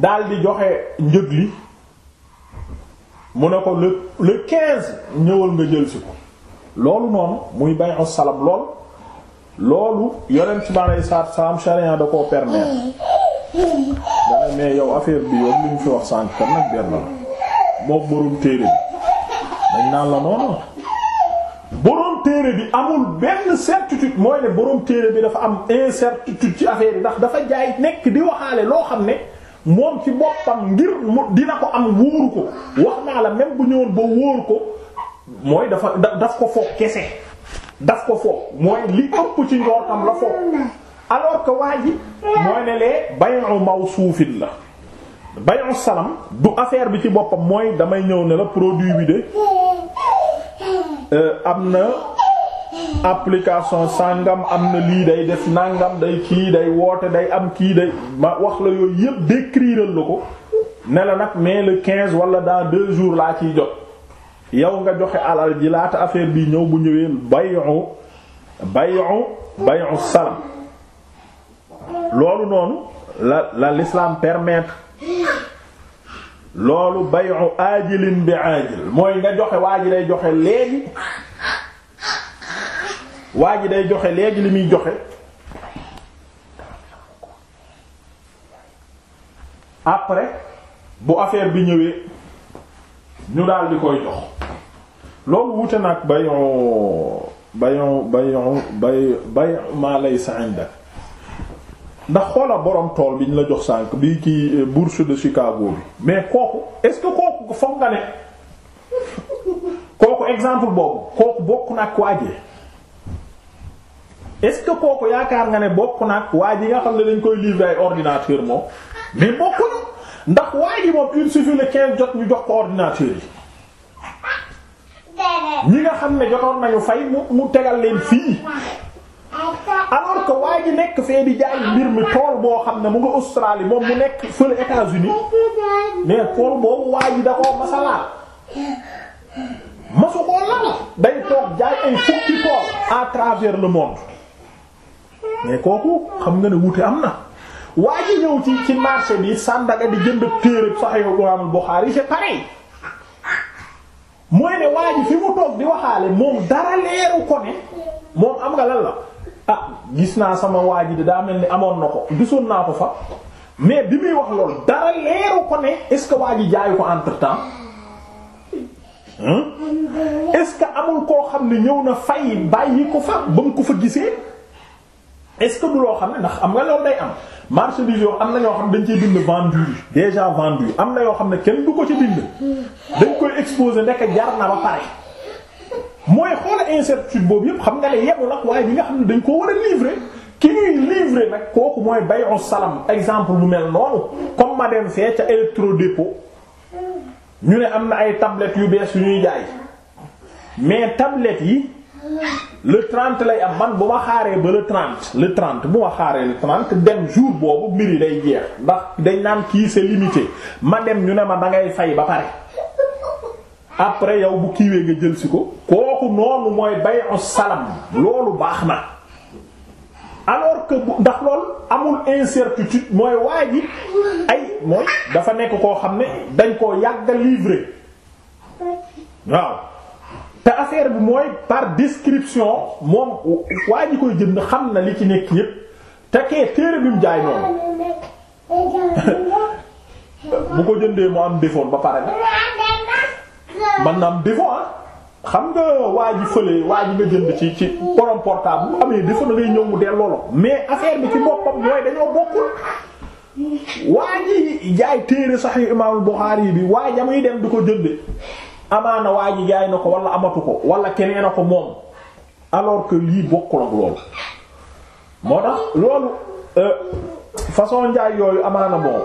daal di joxe njëg li mu ne ko le le ñëwal nga jël si ko loolu noonu muy bay'u salam lool loolu yonent bi aleyhi salaatu salaam charia da koo permettre ne mais yow affaire bi yow li ñu fi wax sànq kon nag benn la moom borom téere bi dañ la noonu téere bi amul benn certitude mooy ne borom téere bi dafa am incertitude ci affaire bi ndax dafa jaay nekk di waxaale loo xam ne moom ci boppam ngir dina ko am wóoru ko bu ñëwoon ba wóor ko mooy dafa daf kese daf ko foog mooy ci njortam la foog alors que waa ji mooy ne lee bay'u mawsuufin la bay'u salam du affaire bi ci boppam mooy damay ñëw ne la produit bi de Euh, am na application sangam am na lii day def nàngam day kii day woote day am kii day ma wax la yooyu yépp décrire la ko ne la nag mais le 15 wala dans deux jours laa ciy jot yow nga joxe alal ji laata affaire bi ñëw bu ñëwee bay'u bay'u bay'u salam loolu noonu la la l'islam permettre loolu bay'u ajilin bi ajil mooy nga joxe waa ji day joxe léegi waa ji day joxe léegi li muy joxe après bu affaire bi ñëwee ñu daal di koy jox loolu wute nag bay'u bay'u bay'u bay bay maa laysa indak ndax xoola borom tool bi ñu la jox sànq bi ki euh, bourse de Chicago bi mais kooku est-ce que kooku foog nga ne (laughs) kooku exemple boobu kooku bokk na ak waajee est-ce que kooku yaakaar nga ne bokk na ak waaj yi nga xam ne dañ koy livrer ay ordinateur moom mais bokkuñu ndax waaj yi moom il suffit le 15 jot ñu jox ko ordinateur yi ñi nga xam ne jotoon nañu fay mu mu tegal leen fii alors que waa ji nekk fee di jaay mbir mi tool boo xam ne mu nga Australie moom mu nekk fële États-Unis mais tool boobu waa ji da koo masalaat masu koo lal day toog jaay ay fukki tool à travers le monde mais kooku xam nga ne wuute am na waa ji ñëw ci ci marché bi Sandaga di jënd téere Sahih Imam Bukhari c'est pareil mooy ne waa fi mu toog di waxaale moom dara leeru ko ne moom am nga lan la ah gis naa sama waa ji daa mel ni amoon na ko gisoon naa ko fa mais bi muy wax loolu dara leeru ko ne est-ce que waa ji jaayu ko entre-temps hmm? est-ce que amul koo xam ne ñëw na fay bàyyi ko fa ba mu ko fa gisee est-ce du loo xam ne ndax am nga loolu day am marché bi yoo am na ñoo xam dañ ciy bind vendu déjà vendu am na yoo xam ne kenn du ko ci bind dañ koy exposé ndekk jar na ba pare mooy xoola incertitude boobu yëpp xam nga ne yemul ak waaye bi nga xam ne dañ koo war a livrer ki ñuy livrer nag kooku mooy bayu salam exemple bu mel noonu comme ma dem fee ca Electro Dépôt ñu ne am na ay tablettes yu bees yu ñuy jaay mais tablettes yi le 30 lay am man bu ma xaaree ba le 30 le trente bu ma xaaree le 30 dem jour boobu mbir yi day jeex ndax dañ naan kii c'est limité ma dem ñu ne ma da ngay fay ba pare. après yow bu kiiwee nga jël si ko kooku noonu mooy bay'u salam loolu baax na alors que bu ndax loolu amul incertitude mooy waa ay mooy dafa nekk koo xam ne dañ koo yàgg a waaw te affaire bi mooy par description moom waa koy jënd xam na li ci nekk yépp te kee téere bi mu jaay noonu (laughs) bu ko jëndee mu am defoon ba pare na man naam défaut ah xam nga waa ji fële waa ji nga jënd ci ci borom portable amee défaut na ngay ñëw mu delloo la mais affaire bi ci boppam mooy dañoo bokkul waa ji jaay téere Sahih Imam Bukhari bi waa ja muy dem du ko jënde amaana waa ji jaay na ko wala amatu ko wala keneen a ko moom alors que lii bokkul ak loolu moo tax loolu euh, façon njaay yooyu amaana moom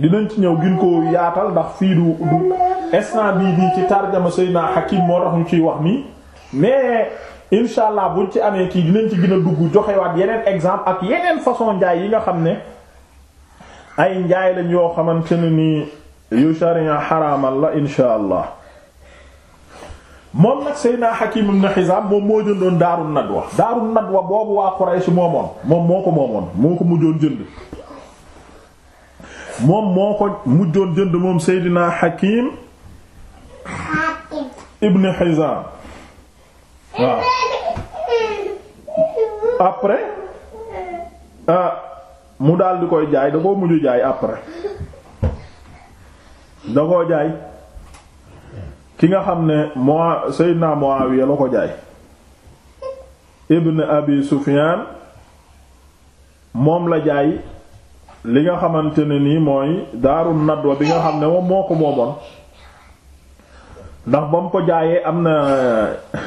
dinañ ci ñëw gin ko yaatal ndax fii du du instant bii bii ci tarjama Seydina Hakim moo tax ñu ciy wax nii mais incha allah buñ ci amee kii dinañ ci gën a dugg joxewaat yeneen exemple ak yeneen façon njaay yi nga xam ne ay njaay lañ yoo xamante ne nii yu sharia xaramal la incha allah moom nag Seydina Hakim ibn Hizam moom moo jëndoon Daaru Nadwa nag wa boobu waa Quraysh moomoon moom moo ko moomoon moo ko mujjoon jënd moom moo ko mujjoon jënd moom Seydina Hakim ibn Hizam waaw après ah, mu daal di koy jaay da koo mujj jaay après da koo jaay ki nga xam ne moo Seydina Muawiya la ko jaay ibn Abi Sufyan moom la jaay li nga xamante ne nii mooy daaru nadwa bi nga xam ne moom moo ko moomoon ndax ba ko jaayee am na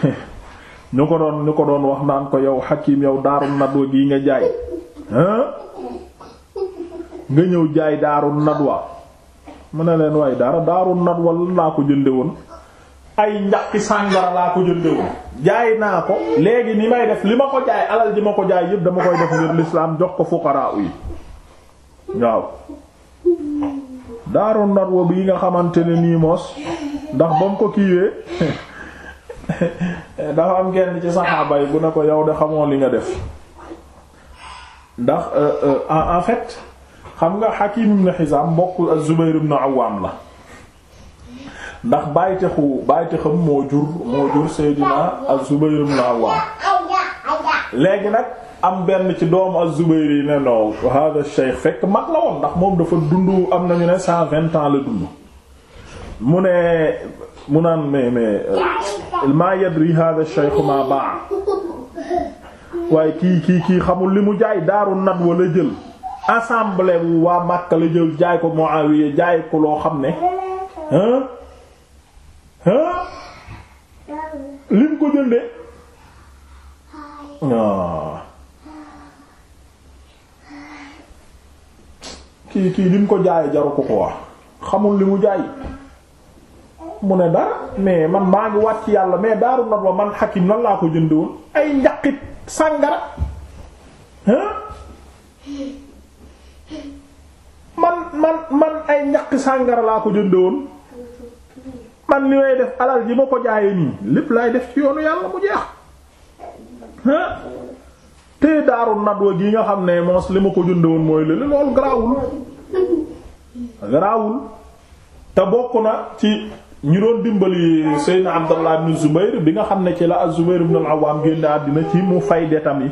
(laughs) ñu ko doon ñu ko doon wax naan ko yow Hakim yow daaru nadwa gii nga jaay nga ñëw jaay daarul daaru nadwa mu ne leen waaye dara daaru nadwa lan laa ko jënde woon ay njaqi sàngara laa ko jënde woon jaay naa ko léegi ni may def li ma ko jaay alal ji ma ko jaay yëpp dama koy def ngir l'islam jox ko fuqaraa yi waaw daaru nadwa bi nga xamante ne nii moos ndax ba mu ko kiiwee (laughs) dafa am kenn ci saxaaba yi bu ne ko yow de xamoo li nga def ndax euh, euh, en fait xam nga Hakim ibn Hizam mbokk az-Zubayr ibn Awwam la ndax bàytexu bàytexam moo jur moo jur Seydina az-Zubayr ibn Awwam léegi nag am benn ci doomu az-Zubayr yi ne no hada shaykh fekk mag la woon ndax moom dafa dund am nañu ne cent vingt ans la dund mu ne mu naan mais mais euh, maa yadri hada shaykh ma baa waaye kii kii kii xamul li mu jaay daaru nat wala jël assemblée bu waa Makka la jël jaay ko Muawiya jaay ko loo xam ne hein hein lim ko jënde waaw kii kii li ko jaayee jaru ko ko wax xamul li mu jaay mu ne dara mais man maa ngi wàcc yàlla mais daaru nat wa man xakim nan laa ko jënd woon ay njaqit sàngara man man man ay njaqi sàngara laa ko jënd woon man li may def alal ji ma ko jaayee nii lépp laay def ci yoonu yàlla mu jeex te daaru nat wa gi nga xam ne moos li ma ko jënd woon mooy lële loolu garaawul garaawul te bokk na ci ñu doon dimbali Seydina Abdallah ibn Zubayr bi nga xam ne ci la az-Zubayr ibn al-Awwam génn àddina ci mu fay detam yi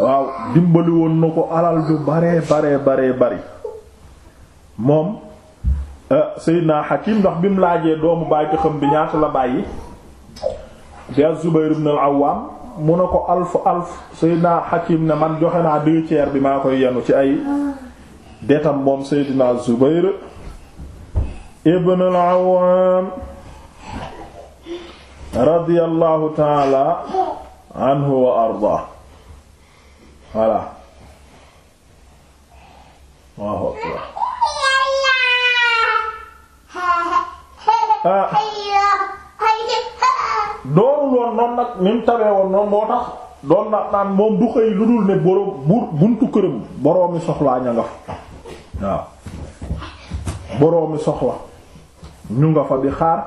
waaw dimbali woon na ko alal ju bare bare bare bari moom eh, Seydina Hakim ndax bi mu laajee doomu baay xam bi ñaata la bàyyi di az-Zubayr ibn al-Awwam mu ne ko alf alf Seydina Hakim ne man joxe naa deux bi maa koy yenu ci ay detam moom seydina Zubayr ibn al-Awwam radiyallahu anhu wa arda voilà waaw ah doonul woon nag ni tawee woon noonu moo tax doon na naan moom du xëy lu dul ne boroom buntu këram boroomi soxlaa ña waaw boroomi soxla ñu nga fa di xaar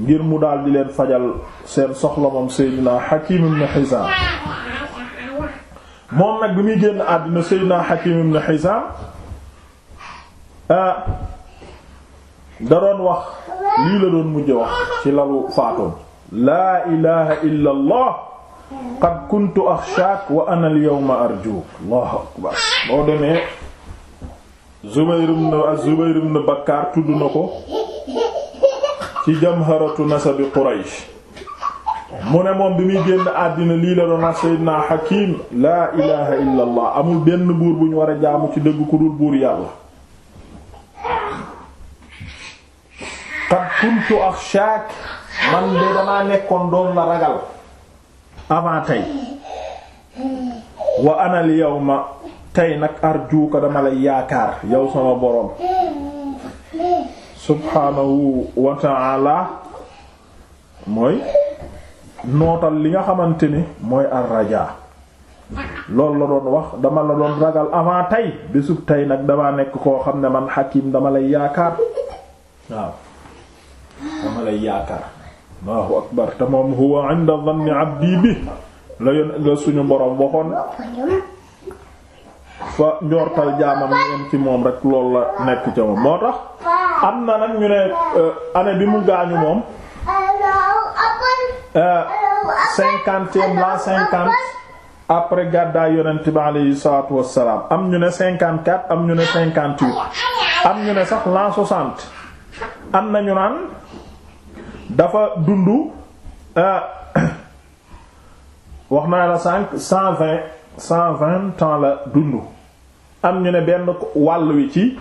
ngir mu daal di leen fajal seen soxla moom Seydina Hakim ibn Hizam moom nag bi muy génn àddina Seydina Hakim ibn Hizam ah da doon wax lii la doon mujj wax ci lalu faatoon laa ilaha illa allah qad kuntu akhshak wa ana al yawma arjuk allahu akbar boo demee Zubayr ibn az-Zubayr ibn Bakkaar tudd na ko ci jamharatu nasabi Quraysh mu ne moom bi muy génn àddina lii la doon wax Seydina Hakim laa ilaha illa amul benn buur bu ñu war a jaamu ci dégg ku dul buur yàlla qad kuntu akhshak man de damaa nekkoon doon la ragal avant tey wa ana yawma tey nag arjuuka dama lay yaakaar yow sama boroom subhaanahu wa ta'ala mooy nootal li nga xamante ni mooy ar-rajaa loolu la doon wax dama la doon ragal avant tey bésub tey nag dama nekk koo xam ne man xakim dama lay yaakaar waaw dama lay yaakaar allahu akbar te moom huwa 'inda dhanni 'abdi bi la yoon nga suñu boroom waxoon fa njortal jaamam yi yem ci moom rek loolu la nekk ca moom moo tax am na nag ñu ne euh, année bi mu gaañu moom euh, cinquantième la cinquante après gàddaay yonent bi alayhi salaatu wassalaam am ñu ne cinquante quatre am ñu ne cinquante huit am ñu ne sax l'an soixante am na ñu naan dafa dund euh, (coughs) wax naa la cinq cent vingt cent la dund am ñu ne benn wàll wi ci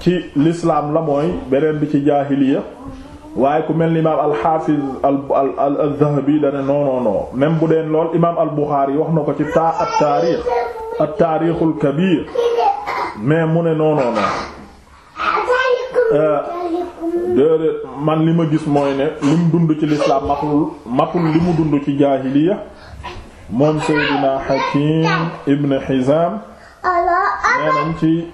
ci lislaam la mooy beneen bi ci jaahiliya waaye ku mel ni imaam alxaafiz al az-Zahabi da ne non non non même bu deen lool imaam al Buxaari wax na ko ci taa at taarix kabiir mais mu ne non euh, man li ma gis mooy ne li mu dund ci lislaam matul matul li mu dund ci jaahiliya moom Seydina Hakim Ibn Hizam neenañ ci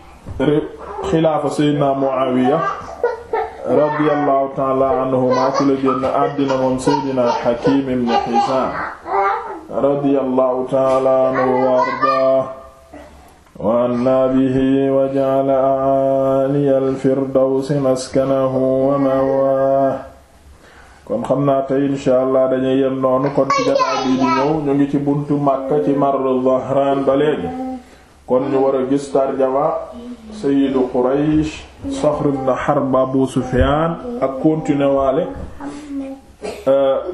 xilaafa Seydina Muawiya radiyallahu ta'ala anhuma ci la génn àddina moom Seydina Hakim ibn Hizam radiyallahu ta'ala anhu wa arda wa anna bihi wa ja'ala a'aliyal firdawsi maskanahu wa ma'waahu kon xam naa tey insha allah dañuy yem noonu kon ci jataay bi di ñëw ñu ngi ci buntu Makka ci Marru Zahraan ba léegi kon ñu war a gis tarjama sayyidu Quraysh Saxr ibn Abu Sufyaan ak continuer waale euh,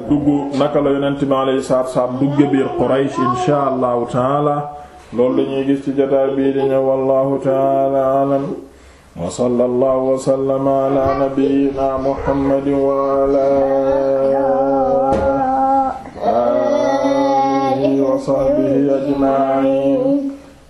naka la yonent bi alayhi salaatu salaam dugge biir Quraysh inshaa allahu taala loolu lañuy gis ci jataa bii di ñëw taala alam wa sallallahu wa sallama ala nabiyyina Muhammad wa ala alihi wa sahbihi ajma'in